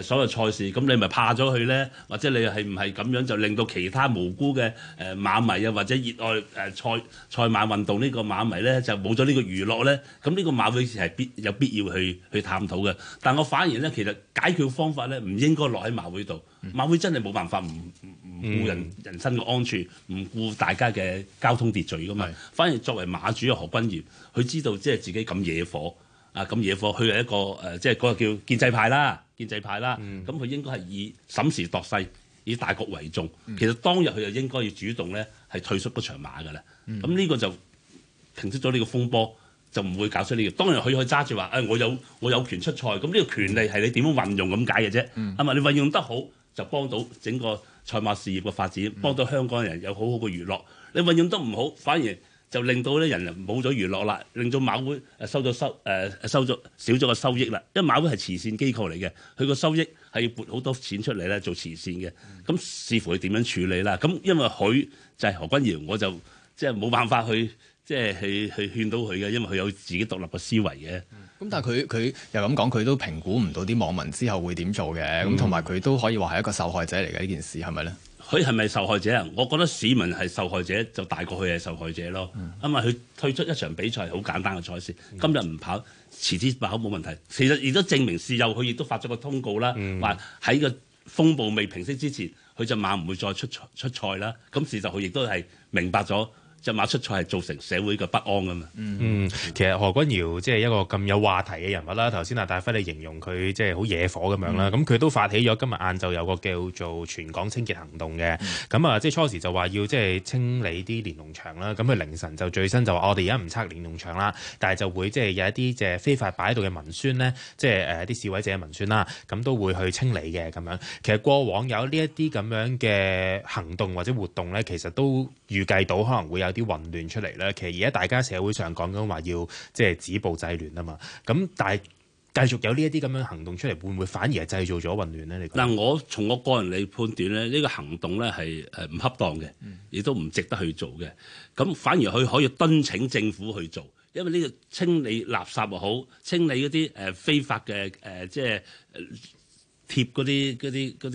誒所有賽事，咁你咪怕咗佢咧？或者你係唔係咁樣就令到其他無辜嘅誒馬迷啊，或者熱愛誒賽賽馬運動呢個馬迷咧，就冇咗呢個娛樂咧？咁呢個馬會係必有必要去去探討嘅。但我反而咧，其實解決方法咧，唔應該落喺馬會度。馬會真係冇辦法唔唔顧人，嗯、人身嘅安全，唔顧大家嘅交通秩序噶嘛。是反而作為馬主嘅何君堯，佢知道即係自己咁惹火。啊咁野貨，佢係、嗯、一個誒，即係嗰個叫建制派啦，建制派啦。咁佢、嗯、應該係以審時度勢，以大局為重。嗯、其實當日佢就應該要主動咧，係退出嗰場馬㗎喇。咁呢、嗯、個就平息咗呢個風波，就唔會搞出呢、這個。當然佢可以揸住話，誒、哎、我有我有權出賽。咁呢個權利係你點樣運用咁解嘅啫。係嘛、嗯，你運用得好就幫到整個賽馬事業嘅發展，幫到香港人有好好嘅娛樂。你運用得唔好，反而,反而,反而～就令到咧人冇咗娛樂啦，令到馬會誒收咗收誒、呃、收咗少咗個收益啦，因為馬會係慈善機構嚟嘅，佢個收益係要撥好多錢出嚟咧做慈善嘅。咁、嗯、視乎佢點樣處理啦。咁因為佢就係、是、何君堯，我就即係冇辦法去即係、就是、去去，去勸到佢嘅，因為佢有自己獨立嘅思維嘅。咁、嗯嗯、但係佢佢又咁講，佢都評估唔到啲網民之後會點做嘅。咁同埋佢都可以話係一個受害者嚟嘅呢件事係咪咧？是。佢係咪受害者啊？我覺得市民係受害者，就大過佢係受害者咯。嗯、因為佢退出一場比賽好簡單嘅賽事，今日唔跑，遲啲跑冇問題。其實亦都證明事後，佢亦都發咗個通告啦，話喺個風暴未平息之前，佢就馬唔會再出出賽啦。咁事實佢亦都係明白咗。只馬出錯係造成社會嘅不安啊嘛。嗯，其實何君堯即係一個咁有話題嘅人物啦。頭先阿大輝你形容佢即係好惹火咁樣啦。咁佢、嗯、都發起咗今日晏晝有個叫做全港清潔行動嘅。咁、嗯、啊，即、就、係、是、初時就話要即係清理啲連儂牆啦。咁佢凌晨就最新就話、啊：我哋而家唔拆連儂牆啦，但係就會即係有一啲即係非法擺喺度嘅文宣咧，即係誒啲示威者嘅文宣啦，咁都會去清理嘅咁樣。其實過往有呢一啲咁樣嘅行動或者活動咧，其實都預計到可能會有啲混亂出嚟咧，其實而家大家社會上講緊話要即係止暴制亂啊嘛，咁但係繼續有呢一啲咁樣行動出嚟，會唔會反而係製造咗混亂咧？你嗱，我從我個人嚟判斷咧，呢、呢個行動咧係係唔恰當嘅，亦都唔值得去做嘅。咁反而佢可以敦請政府去做，因為呢個清理垃圾又好，清理嗰啲誒非法嘅誒、呃、即係貼嗰啲嗰啲嗰啲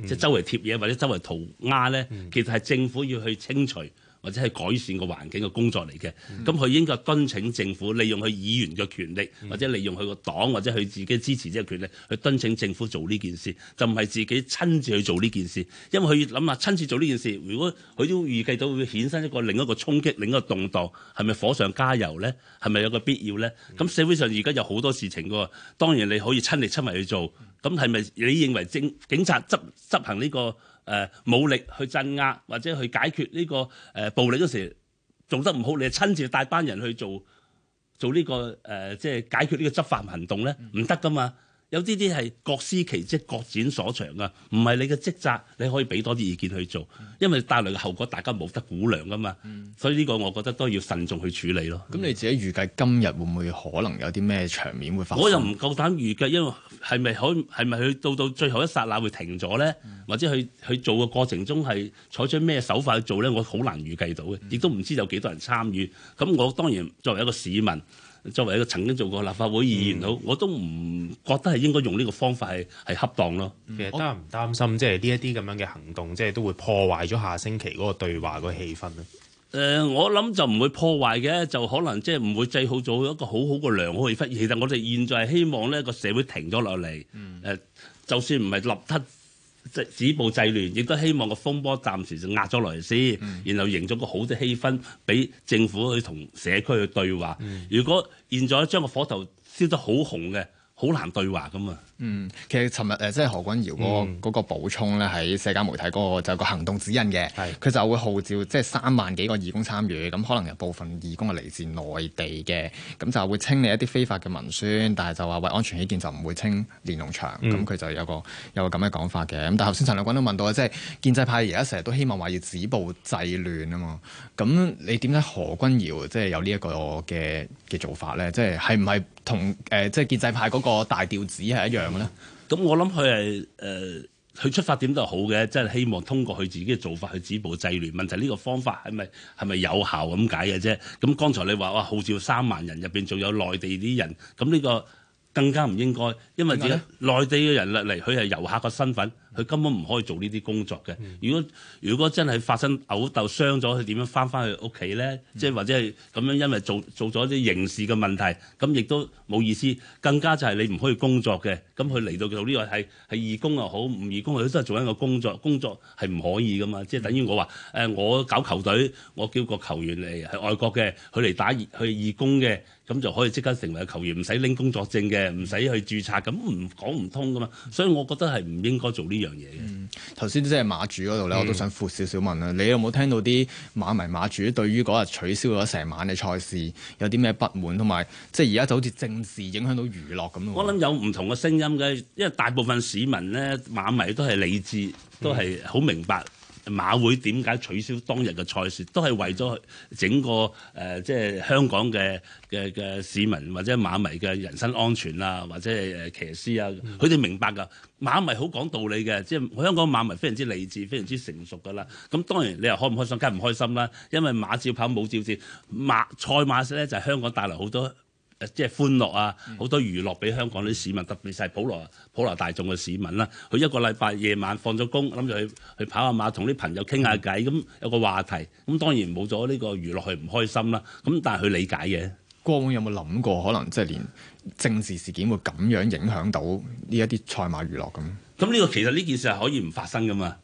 即係周圍貼嘢或者周圍塗鴉咧，嗯、其實係政府要去清除。或者係改善個環境嘅工作嚟嘅，咁佢、嗯、應該敦請政府利用佢議員嘅權力，嗯、或者利用佢個黨或者佢自己支持者嘅權力去敦請政府做呢件事，就唔係自己親自去做呢件事，因為佢要諗下親自做呢件事，如果佢都預計到會衍生一個另一個衝擊、另一個動盪，係咪火上加油咧？係咪有個必要咧？咁社會上而家有好多事情㗎喎，當然你可以親力親為去做。咁係咪你認為警、警察執、執行呢個誒武力去鎮壓，或者去解決呢個誒暴力嗰時做得唔好，你親自帶班人去做、做呢個誒即係解決呢個執法行動咧，唔得㗎嘛？有啲啲係各司其職、各展所長㗎，唔係你嘅職責，你可以俾多啲意見去做，因為帶來嘅後果大家冇得估量㗎嘛。嗯、所以呢個我覺得都要慎重去處理咯。咁、嗯、你自己預計今日會唔會可能有啲咩場面會發生？我又唔夠膽預計，因為係咪可係咪去到到最後一剎那會停咗咧，嗯、或者去去做嘅過程中係採取咩手法去做咧，我好難預計到嘅，嗯、亦都唔知有幾多人參與。咁我當然作為一個市民。作為一個曾經做過立法會議員，好、嗯、我都唔覺得係應該用呢個方法係係恰當咯。其實擔唔擔心，即係呢一啲咁樣嘅行動，即係都會破壞咗下星期嗰個對話個氣氛咧？誒、呃，我諗就唔會破壞嘅，就可能即係唔會製造一個好好嘅良好氣氛。其實我哋現在係希望呢個社會停咗落嚟。誒、嗯呃，就算唔係立突。止暴制亂，亦都希望個風波暫時就壓咗落嚟先，嗯、然後營造個好嘅氣氛，俾政府去同社區去對話。嗯、如果現在將個火頭燒得好紅嘅，好難對話㗎嘛。嗯，其實尋日誒即係何君堯嗰、那個嗰、嗯、個補充咧，喺社交媒體嗰、那個就有個行動指引嘅，佢是就會號召即係三萬幾個義工參與，咁可能有部分義工係嚟自內地嘅，咁就會清理一啲非法嘅文宣，但係就話為安全起見就唔會清連儂牆，咁佢、嗯、就有個有個咁嘅講法嘅。咁但係頭先陳亮均都問到啊，即係建制派而家成日都希望話要止暴制亂啊嘛，咁你點解何君堯即係有呢一個嘅嘅做法咧？即係係唔係同誒即係建制派嗰個大調子係一樣。咁我諗佢係誒，佢、呃、出發點都係好嘅，即係希望通過佢自己嘅做法去止暴制亂。問題呢個方法係咪係咪有效咁解嘅啫？咁剛才你話哇、啊、號召三萬人入邊仲有內地啲人，咁呢個更加唔應該，因為點啊？內地嘅人落嚟佢係遊客嘅身份。佢根本唔可以做呢啲工作嘅。如果如果真係發生扭鬥傷咗，佢點樣翻翻去屋企咧？即係 (noise) 或者係咁樣，因為做做咗啲刑事嘅問題，咁亦都冇意思。更加就係你唔可以工作嘅。咁佢嚟到做、這、呢個係係義工又好，唔義工佢都係做緊個工作，工作係唔可以噶嘛。即、就、係、是、等於我話誒、呃、我搞球隊我叫個球員嚟係外國嘅，佢嚟打去義工嘅，咁就可以即刻成為球員唔使拎工作證嘅，唔使去註冊，咁唔講唔通噶嘛。所以我覺得係唔應該做呢樣樣嘢嘅，頭先即係馬主嗰度咧，嗯、我都想闊少少問啦。你有冇聽到啲馬迷、馬主對於嗰日取消咗成晚嘅賽事有啲咩不滿，同埋即係而家就好似政治影響到娛樂咁咯？我諗有唔同嘅聲音嘅，因為大部分市民咧，馬迷都係理智，都係好明白。嗯馬會點解取消當日嘅賽事，都係為咗整個誒、呃，即係香港嘅嘅嘅市民或者馬迷嘅人身安全啦、啊，或者誒、呃、騎師啊，佢哋明白㗎。馬迷好講道理嘅，即係香港馬迷非常之理智，非常之成熟㗎啦。咁、嗯、當然你又開唔開心，梗係唔開心啦。因為馬照跑，冇照戰，馬賽馬事咧就係、是、香港帶嚟好多。誒即係歡樂啊！好多娛樂俾香港啲市民，特別係普羅普羅大眾嘅市民啦、啊。佢一個禮拜夜晚放咗工，諗住去去跑下馬，同啲朋友傾下偈，咁有個話題。咁當然冇咗呢個娛樂係唔開心啦。咁但係佢理解嘅。過往有冇諗過，可能即係連政治事件會咁樣影響到呢一啲賽馬娛樂咁？咁呢、呢個其實呢件事係可以唔發生噶嘛？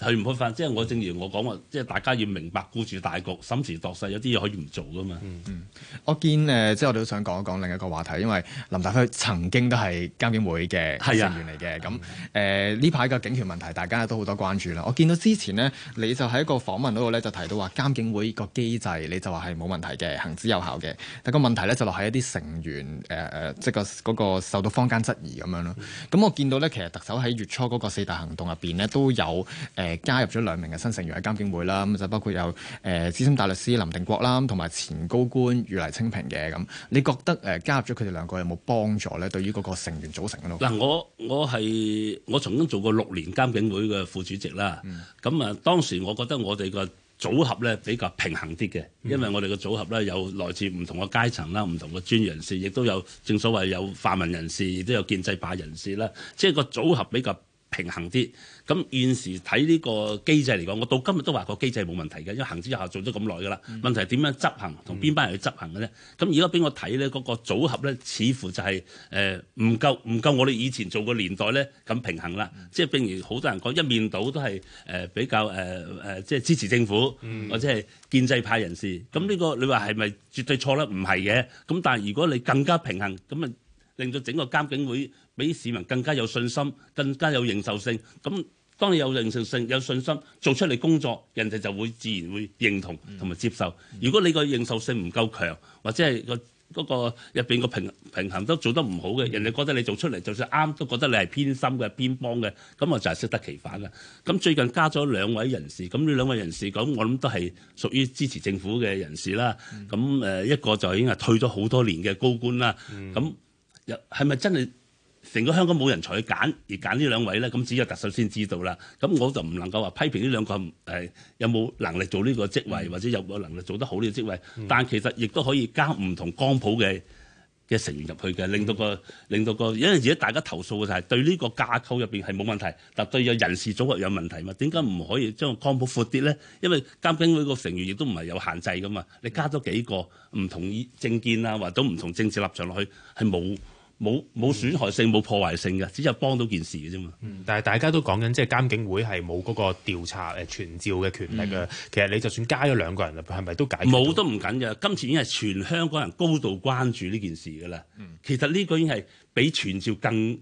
係唔判罰，即係我正如我講話，即係大家要明白顧住大局、審時度勢，有啲嘢可以唔做㗎嘛。嗯嗯，我見誒、呃，即係我哋都想講一講另一個話題，因為林大輝曾經都係監警會嘅成員嚟嘅。咁誒、啊，呢排個警權問題大家都好多關注啦。我見到之前呢，你就喺個訪問嗰度咧就提到話監警會個機制，你就話係冇問題嘅，行之有效嘅。但個問題咧就落喺一啲成員誒誒、呃，即係個受到坊間質疑咁樣咯。咁我見到咧，其實特首喺月初嗰個四大行動入邊咧都有誒。呃加入咗兩名嘅新成員喺監警會啦，咁就包括有誒、呃、資深大律師林定國啦，同埋前高官余黎青萍嘅咁。你覺得誒、呃、加入咗佢哋兩個有冇幫助咧？對於嗰個成員組成嗰度，嗱我我係我曾經做過六年監警會嘅副主席啦，咁啊、嗯、當時我覺得我哋個組合咧比較平衡啲嘅，因為我哋個組合咧有來自唔同嘅階層啦，唔同嘅專業人士，亦都有正所謂有泛民人士，亦都有建制派人士啦，即係個組合比較，平衡啲，咁、嗯、現時睇呢個機制嚟講，我到今日都話個機制冇問題嘅，因為行之有效做咗咁耐㗎啦。問題係點樣執行同邊班人去執行嘅咧？咁而家畀我睇咧，嗰、那個組合咧，似乎就係誒唔夠唔夠我哋以前做個年代咧咁平衡啦。嗯、即係譬如好多人講一面倒都係誒、呃、比較誒誒、呃呃，即係支持政府或者係建制派人士。咁呢、嗯、個你話係咪絕對錯咧？唔係嘅。咁但係如果你更加平衡，咁咪令到整個監警會。俾市民更加有信心，更加有認受性。咁，當你有認受性、有信心，做出嚟工作，人哋就會自然會認同同埋接受。嗯、如果你個認受性唔夠強，或者係個嗰入邊個平衡平衡都做得唔好嘅，嗯、人哋覺得你做出嚟就算啱，都覺得你係偏心嘅、偏幫嘅，咁我就係適得其反啦。咁最近加咗兩位人士，咁呢兩位人士咁，我諗都係屬於支持政府嘅人士啦。咁誒、嗯，一個就已經係退咗好多年嘅高官啦。咁、嗯，係咪真係？成個香港冇人才去揀，而揀呢兩位咧，咁只有特首先知道啦。咁我就唔能夠話批評呢兩個誒有冇能力做呢個職位，嗯、或者有冇能力做得好呢個職位。嗯、但其實亦都可以加唔同光譜嘅嘅成員入去嘅，令到個令到個。因為而家大家投訴嘅就係對呢個架構入邊係冇問題，但對有人事組合有問題嘛？點解唔可以將光譜闊啲咧？因為監警會個成員亦都唔係有限制噶嘛。你加多幾個唔同意政見啊，或者唔同政治立場落去係冇。冇冇損害性，冇破壞性嘅，只有幫到件事嘅啫嘛。但係大家都講緊，即係監警會係冇嗰個調查誒傳召嘅權力啊。其實你就算加咗兩個人啊，係咪都解決冇都唔緊㗎。今次已經係全香港人高度關注呢件事㗎啦。其實呢個已經係比傳召更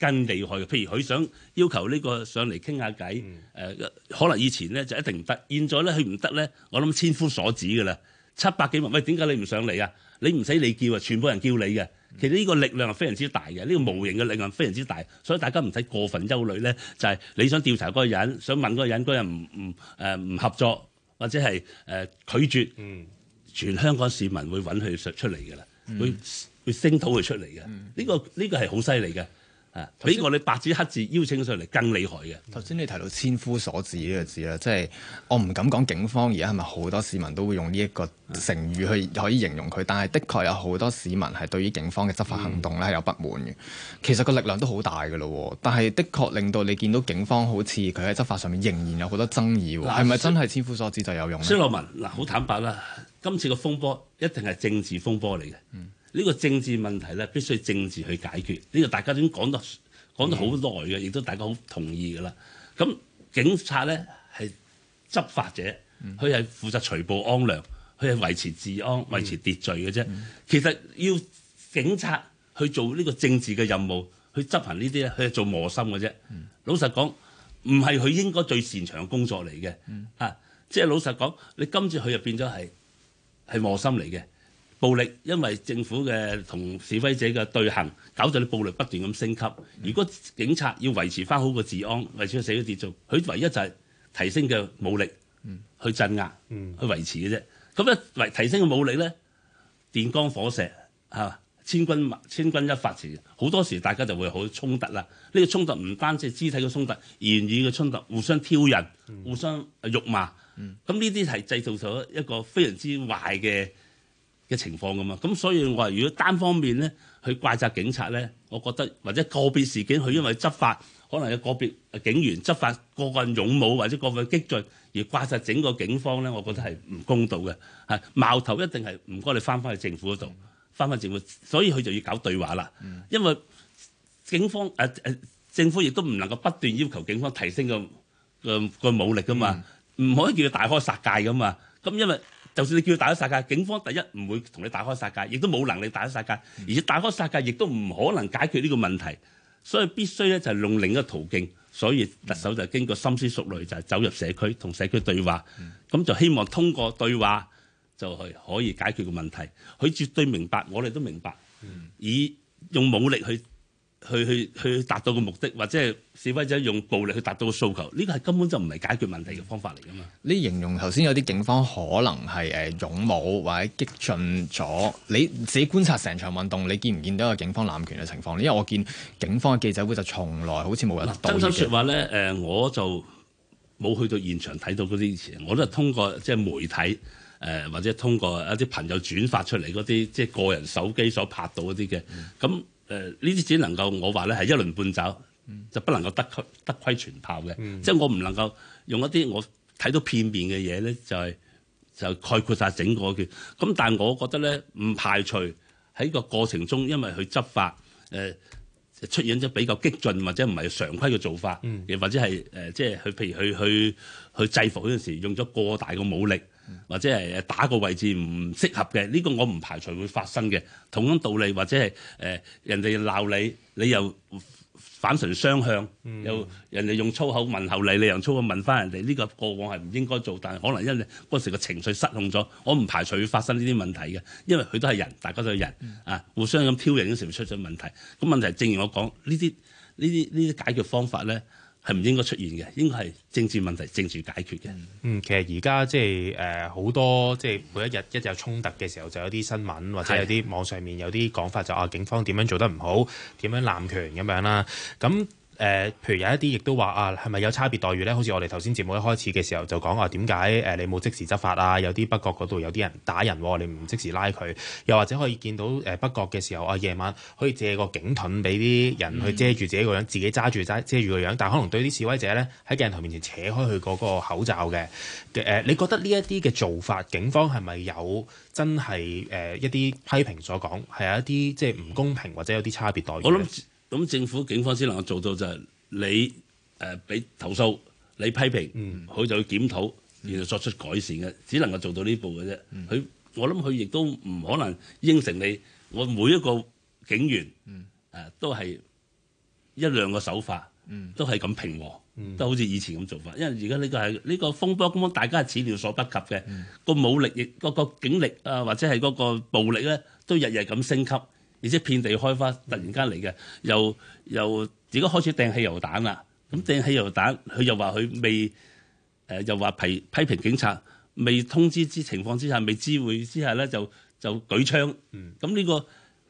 更厲害嘅。譬如佢想要求呢個上嚟傾下偈，誒可能以前咧就一定唔得，現在咧佢唔得咧，我諗千夫所指㗎啦。七百幾萬，喂，點解你唔上嚟啊？你唔使你叫啊，全部人叫你嘅。其實呢個力量係非常之大嘅，呢、這個無形嘅力量非常之大，所以大家唔使過分憂慮咧。就係、是、你想調查嗰個人，想問嗰個人，佢又唔唔誒唔合作，或者係誒、呃、拒絕，嗯，全香港市民會揾佢出嚟噶啦，會會聲討佢出嚟嘅。呢、嗯這個呢、這個係好犀利嘅。啊！畀我哋白紙黑字邀請上嚟更厲害嘅。頭先、嗯、你提到千夫所指呢個字啦，即係、就是、我唔敢講警方而家係咪好多市民都會用呢一個成語去可以形容佢，但係的確有好多市民係對於警方嘅執法行動咧係有不滿嘅。嗯、其實個力量都好大㗎咯，但係的確令到你見到警方好似佢喺執法上面仍然有好多爭議，係咪、嗯、真係千夫所指就有用咧？蕭洛、嗯、汶，嗱，好坦白啦，今次個風波一定係政治風波嚟嘅。嗯。呢個政治問題咧，必須政治去解決。呢、這個大家已經講得講得好耐嘅，亦都、嗯、大家好同意㗎啦。咁警察咧係執法者，佢係、嗯、負責除暴安良，佢係維持治安、嗯、維持秩序嘅啫。嗯、其實要警察去做呢個政治嘅任務，去執行呢啲咧，佢係做磨心嘅啫。嗯、老實講，唔係佢應該最擅長嘅工作嚟嘅。嗯、啊，即係老實講，你今次佢又變咗係係磨心嚟嘅。暴力，因為政府嘅同示威者嘅對行，搞到啲暴力不斷咁升級。如果警察要維持返好個治安，維持個社會秩序，佢唯一就係提升嘅武力去鎮壓、去維持嘅啫。咁一提提升嘅武力咧，電光火石嚇、啊，千軍千軍一發時，好多時大家就會好衝突啦。呢、呢個衝突唔單止係肢體嘅衝突，言語嘅衝突，互相挑釁，互相辱罵。咁呢啲係製造咗一個非常之壞嘅。嘅情況噶嘛，咁所以我話，如果單方面咧去怪責警察咧，我覺得或者個別事件佢因為執法，可能有個別警員執法過分勇武或者過分激進而怪責整個警方咧，我覺得係唔公道嘅。嚇，矛頭一定係唔該你翻返去政府嗰度，翻返、嗯、政府，所以佢就要搞對話啦。嗯、因為警方誒誒、呃，政府亦都唔能夠不斷要求警方提升個個個武力噶嘛，唔、嗯、可以叫佢大開殺戒噶嘛。咁因為就算你叫佢大開殺戒，警方第一唔會同你大開殺戒，亦都冇能力大開殺戒，嗯、而且大開殺戒亦都唔可能解決呢個問題，所以必須咧就係、係、用另一個途徑。所以特首就經過深思熟慮，就係、走入社區同社區對話，咁、嗯、就希望通過對話就係可以解決個問題。佢絕對明白，我哋都明白，以用武力去。去去去達到嘅目的，或者示威者用暴力去達到嘅訴求，呢個係根本就唔係解決問題嘅方法嚟㗎嘛。你形容頭先有啲警方可能係誒、呃、勇武或者激進咗，你自己觀察成場運動，你見唔見到有警方濫權嘅情況咧？因為我見警方嘅記者會就從來好似冇人。講真説話咧，誒、嗯呃、我就冇去到現場睇到嗰啲事，我都係通過即係媒體誒、呃、或者通過一啲朋友轉發出嚟嗰啲即係個人手機所拍到一啲嘅咁。嗯誒呢啲只能夠我話咧係一鱗半爪，嗯、就不能夠得得，得窺全豹嘅，嗯、即係我唔能夠用一啲我睇到片面嘅嘢咧，就係、是、就概括晒整個嘅。咁但係我覺得咧，唔排除喺個過程中，因為佢執法誒、呃、出現咗比較激進或者唔係常規嘅做法，亦、嗯、或者係誒、呃、即係佢譬如佢去去，去，去制服嗰陣時用咗過大嘅武力。或者係誒打個位置唔適合嘅，呢、這個我唔排除會發生嘅。同樣道理，或者係誒、呃、人哋鬧你，你又反唇相向，嗯、又人哋用粗口問候你，你又用粗口問翻人哋。呢、這個過往係唔應該做，但係可能因為嗰時個情緒失控咗，我唔排除會發生呢啲問題嘅。因為佢都係人，大家都係人、嗯、啊，互相咁挑釁，嘅時候出咗問題。咁問題係正如我講，呢啲呢啲呢啲解決方法咧。係唔應該出現嘅，應該係政治問題，政治解決嘅。嗯，其實而家即係誒好多即係、就是、每一日一有衝突嘅時候，就有啲新聞或者有啲網上面有啲講法就是、的啊警方點樣做得唔好，點樣濫權咁樣啦，咁。誒、呃，譬如有一啲亦都話啊，係咪有差別待遇咧？好似我哋頭先節目一開始嘅時候就講話點解誒，你冇即時執法啊？有啲北角嗰度有啲人打人，啊，你唔即時拉佢，又或者可以見到誒、呃、北角嘅時候啊，夜晚可以借個警盾俾啲人去遮住自己個樣，自己揸住遮遮住個樣，但係可能對啲示威者咧喺鏡頭面前扯開佢嗰個口罩嘅誒、呃，你覺得呢一啲嘅做法，警方係咪有真係誒、呃、一啲批評所講係有一啲即係唔公平或者有啲差別待遇？我諗。咁政府警方先能夠做到就係你誒俾投訴，你批評，佢就要檢討，然後作出改善嘅，只能夠做到呢步嘅啫。佢我諗佢亦都唔可能應承你，我每一個警員誒都係一兩個手法，都係咁平和，都好似以前咁做法。因為而家呢個係呢個風波，根本大家係始料所不及嘅。個武力亦個個警力啊，或者係嗰個暴力咧，都日日咁升級。而且遍地開花，突然間嚟嘅，又又自己開始掟汽油彈啦。咁掟、嗯、汽油彈，佢又話佢未誒、呃，又話批批評警察未通知之情況之下，未知會之下咧，就就舉槍。咁呢、嗯呢個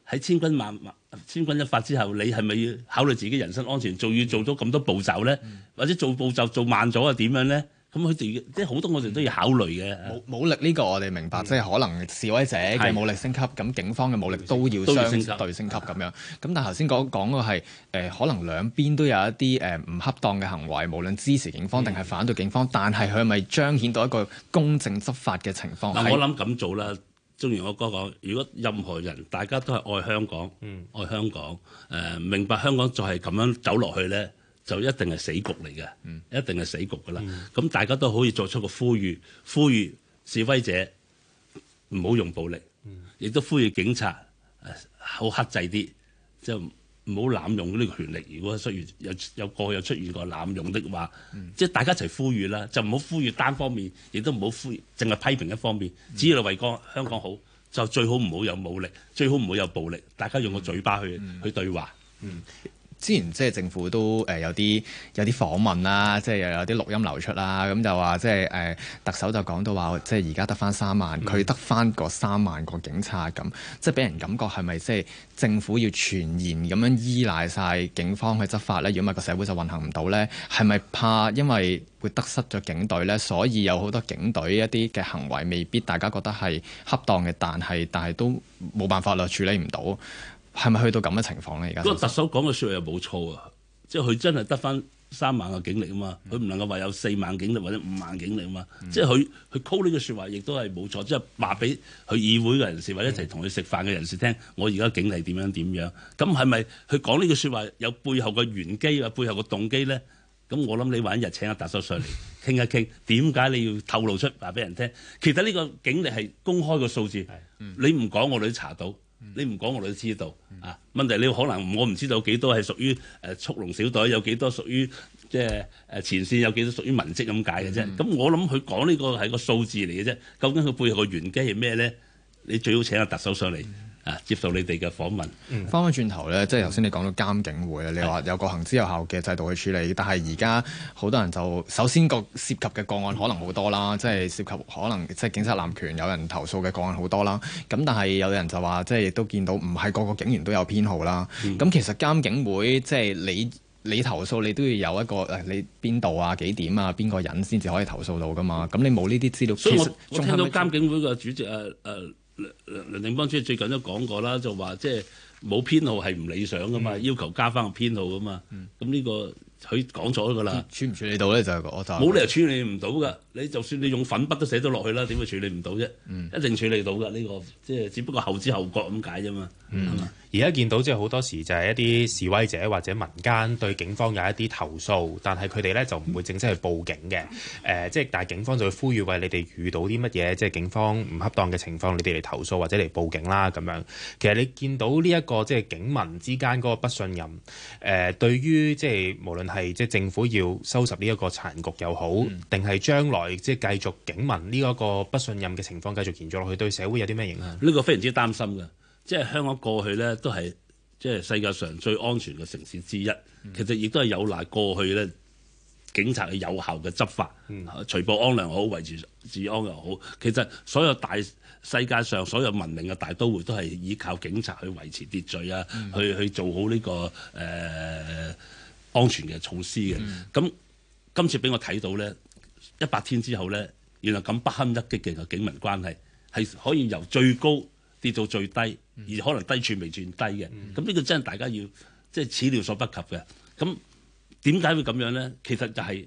喺千軍萬萬千鈞一髮之後，你係咪要考慮自己人身安全？仲要做咗咁多步驟咧，嗯、或者做步驟做慢咗啊？點樣咧？咁佢哋即係好多我哋都要考慮嘅，武武力呢個我哋明白，的即係可能示威者嘅武力升級，咁的警方嘅武力都要相對升級咁的樣。咁但係頭先講講嗰係誒，可能兩邊都有一啲誒唔恰當嘅行為，無論支持警方定係反對警方，的但係佢係咪彰顯到一個公正執法嘅情況？嗯、我諗咁做啦。正如我哥講，如果任何人大家都係愛香港，嗯、愛香港，誒、呃、明白香港就係咁樣走落去咧。就一定係死局嚟嘅，嗯、一定係死局噶啦。咁、嗯、大家都可以作出個呼籲，呼籲示威者唔好用暴力，亦、嗯、都呼籲警察好、呃、克制啲，就唔好濫用呢個權力。如果需要有有，有過去有出現過濫用的話，嗯、即係大家一齊呼籲啦，就唔好呼籲單方面，亦都唔好呼籲淨係批評一方面，嗯、只要你為個香港好，就最好唔好有武力，最好唔好有暴力，大家用個嘴巴去去對話。嗯嗯嗯嗯之前即係政府都誒有啲有啲訪問啦，即係又有啲錄音流出啦，咁就話即係誒特首就講到話，即係而家得翻三萬，佢得翻個三萬個警察咁，即係俾人感覺係咪即係政府要全然咁樣依賴晒警方去執法咧？如果唔係個社會就運行唔到咧，係咪怕因為會得失咗警隊咧，所以有好多警隊一啲嘅行為未必大家覺得係恰當嘅，但係但係都冇辦法啦，處理唔到。係咪去到咁嘅情況咧？而家不過特首講嘅説話又冇錯啊，即係佢真係得翻三萬嘅警力啊嘛，佢唔、嗯、能夠話有四萬警力或者五萬警力啊嘛，嗯、即係佢佢 call 呢句説話亦都係冇錯，即係話俾佢議會嘅人士或者一齊同佢食飯嘅人士聽，嗯、我而家警力點樣點樣？咁係咪佢講呢句説話有背後嘅玄機啊，背後嘅動機咧？咁我諗你搵日請阿特首上嚟傾、嗯、一傾，點解你要透露出話俾人聽？其實呢個警力係公開嘅數字，你唔講我哋都查到。嗯你唔講我哋都知道啊！問題你可能我唔知道幾多係屬於誒速，呃、龍小隊，有幾多屬於即係誒前線，有幾多屬於文職咁解嘅啫。咁、mm hmm. 我諗佢講呢個係個數字嚟嘅啫。究竟佢背後個玄機係咩咧？你最好請阿特首上嚟。Mm hmm. 啊！接受你哋嘅訪問。翻返轉頭咧，即係頭先你講到監警會啊，嗯、你話有個行之有效嘅制度去處理，的但係而家好多人就首先個涉及嘅個案可能好多啦，嗯、即係涉及可能即係警察濫權，有人投訴嘅個案好多啦。咁但係有人就話，即係亦都見到唔係個個警員都有編號啦。咁、嗯嗯、其實監警會即係、就是、你你投訴，你都要有一個誒你邊度啊幾點啊邊個人先至可以投訴到㗎嘛？咁你冇呢啲資料，所以我我聽到監警會嘅主席誒誒。啊啊啊啊啊梁梁定邦主席最近都講過啦，就話即係冇編號係唔理想噶嘛，嗯、要求加翻個編號噶嘛。咁呢、嗯、個佢講咗噶啦，處唔處理到咧就係我就冇理由處理唔到噶。嗯、你就算你用粉筆都寫到落去啦，點會處理唔到啫？嗯、一定處理到噶呢、呢個，即係只不過後知後覺咁解啫嘛。而家見到即係好多時就係一啲示威者或者民間對警方有一啲投訴，但係佢哋咧就唔會正式去報警嘅。誒、 (laughs) 呃，即係但係警方就會呼籲，喂，你哋遇到啲乜嘢，即係警方唔恰當嘅情況，你哋嚟投訴或者嚟報警啦咁樣。其實你見到呢一個即係警民之間嗰個不信任，誒、呃，對於即係無論係即係政府要收拾呢一個殘局又好，定係、嗯、將來即係繼續警民呢一個不信任嘅情況繼續延續落去，對社會有啲咩影響？呢個非常之擔心嘅。即係香港過去咧，都係即係世界上最安全嘅城市之一。嗯、其實亦都係有賴過去咧警察嘅有效嘅執法，除暴、嗯、安良又好，維持治安又好。其實所有大世界上所有文明嘅大都會都係依靠警察去維持秩序啊，嗯、去去做好呢、這個誒、呃、安全嘅措施嘅。咁、嗯、今次俾我睇到咧，一百天之後咧，原來咁不堪一擊嘅警民關係係可以由最高跌到最低。而可能低處未算低嘅，咁呢、嗯、個真係大家要即係、就是、始料所不及嘅。咁點解會咁樣咧？其實就係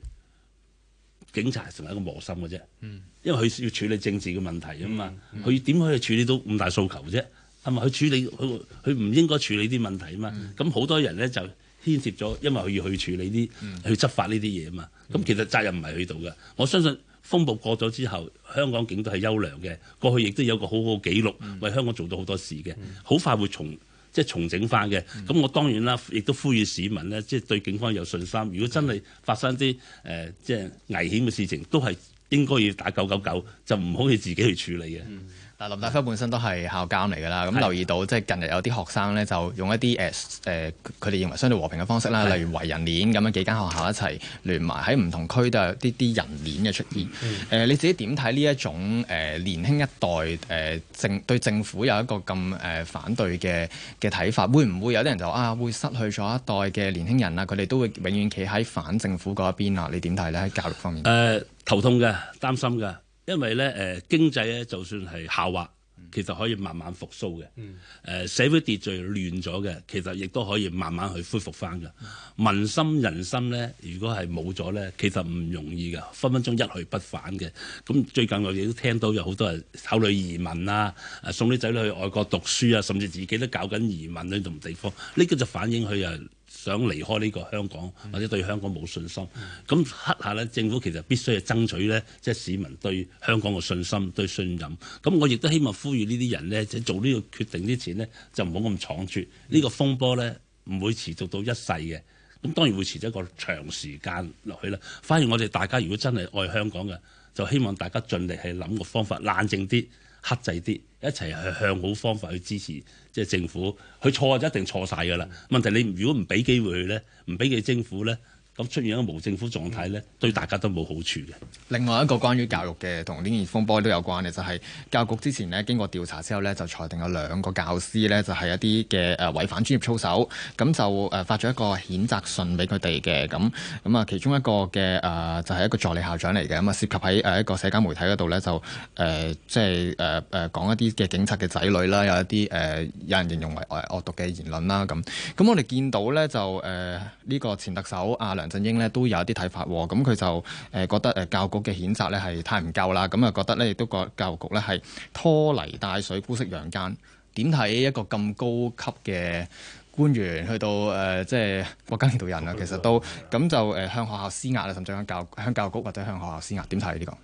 警察成為一個磨心嘅啫，嗯、因為佢要處理政治嘅問題啊嘛。佢點、嗯嗯、可以處理到五大訴求啫？係咪佢處理佢佢唔應該處理啲問題啊嘛？咁好、嗯、多人咧就牽涉咗，因為佢要去處理啲去執法呢啲嘢啊嘛。咁其實責任唔係佢度嘅，我相信。風暴過咗之後，香港警隊係優良嘅，過去亦都有個好好記錄，嗯、為香港做到好多事嘅，好、嗯、快會重即係重整翻嘅。咁、嗯、我當然啦，亦都呼籲市民咧，即係對警方有信心。如果真係發生啲誒、呃、即係危險嘅事情，都係應該要打九九九，嗯、就唔好去自己去處理嘅。嗯嗯林大輝本身都係校監嚟㗎啦，咁是的 留意到即係近日有啲學生咧，就用一啲誒誒，佢、呃、哋認為相對和平嘅方式啦，例如圍人鏈咁樣，幾間學校一齊聯埋喺唔同區都有啲啲人鏈嘅出現。誒、嗯呃，你自己點睇呢一種誒年輕一代誒政、呃、對政府有一個咁誒、呃、反對嘅嘅睇法？會唔會有啲人就啊，會失去咗一代嘅年輕人啊？佢哋都會永遠企喺反政府嗰一邊啊？你點睇咧？喺教育方面，誒、呃、頭痛㗎，擔心㗎。因為呢誒、呃、經濟呢，就算係下滑，其實可以慢慢復甦嘅。誒、嗯呃、社會秩序亂咗嘅，其實亦都可以慢慢去恢復返嘅。民心人心呢，如果係冇咗呢，其實唔容易㗎，分分鐘一去不返嘅。咁、嗯、最近我哋都聽到有好多人考慮移民啦、啊，送啲仔女去外國讀書啊，甚至自己都搞緊移民呢同地方，呢、這個就反映佢啊。想離開呢個香港，或者對香港冇信心，咁刻下咧，政府其實必須係爭取咧，即係市民對香港嘅信心、對信任。咁我亦都希望呼籲呢啲人咧，即係做呢個決定之前咧，就唔好咁倉卒。呢個風波咧，唔會持續到一世嘅。咁當然會持續一個長時間落去啦。反而我哋大家如果真係愛香港嘅，就希望大家盡力係諗個方法，冷靜啲。克制啲，一齊去向好方法去支持，即係政府。佢錯就一定錯晒噶啦。問題，你如果唔俾機會佢咧，唔俾佢政府咧。咁出現一個無政府狀態呢，對大家都冇好處嘅。另外一個關於教育嘅，同呢件風波都有關嘅，就係、是、教育局之前咧經過調查之後呢就裁定有兩個教師呢，就係、是、一啲嘅誒違反專業操守，咁就誒發咗一個譴責信俾佢哋嘅。咁咁啊，其中一個嘅誒、呃、就係、是、一個助理校長嚟嘅，咁啊涉及喺誒一個社交媒體嗰度呢，就誒即係誒誒講一啲嘅警察嘅仔女啦，有一啲誒、呃、有人形容為惡毒嘅言論啦咁。咁我哋見到呢，就誒呢、呃這個前特首阿梁振英呢都有一啲睇法喎，咁佢就誒覺得誒教育局嘅譴責呢係太唔夠啦，咁啊覺得呢，亦都覺教育局呢係拖泥帶水、姑息養奸。點睇一個咁高級嘅官員去到誒、呃、即係國家領導人啊，其實都咁就誒向學校施壓啊，甚至向教向教育局或者向學校施壓。點睇呢個？誒、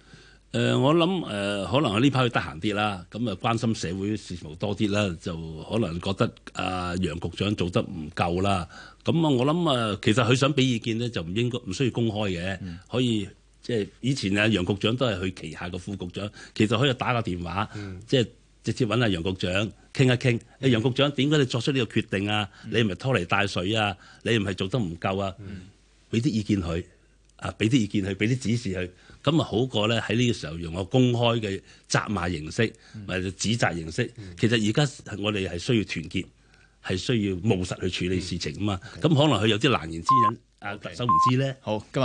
呃、我諗誒、呃、可能呢排會得閒啲啦，咁啊關心社會事務多啲啦，就可能覺得啊、呃、楊局長做得唔夠啦。咁啊，我諗啊，其實佢想俾意見咧，就唔應該，唔需要公開嘅，可以即係以前啊，楊局長都係佢旗下嘅副局長，其實可以打個電話，嗯、即係直接揾下楊局長傾一傾。誒、嗯，楊局長點解你作出呢個決定啊？你唔係拖泥帶水啊？你唔係做得唔夠啊？俾啲、嗯、意見佢啊，俾啲意見佢，俾啲指示佢，咁啊好過咧喺呢個時候用個公開嘅責罵形式或者、嗯、指責形式。嗯嗯、其實而家我哋係需要團結。係需要務實去處理事情啊嘛，咁、嗯、可能佢有啲難言之隱啊 Okay. 特首唔知咧。好。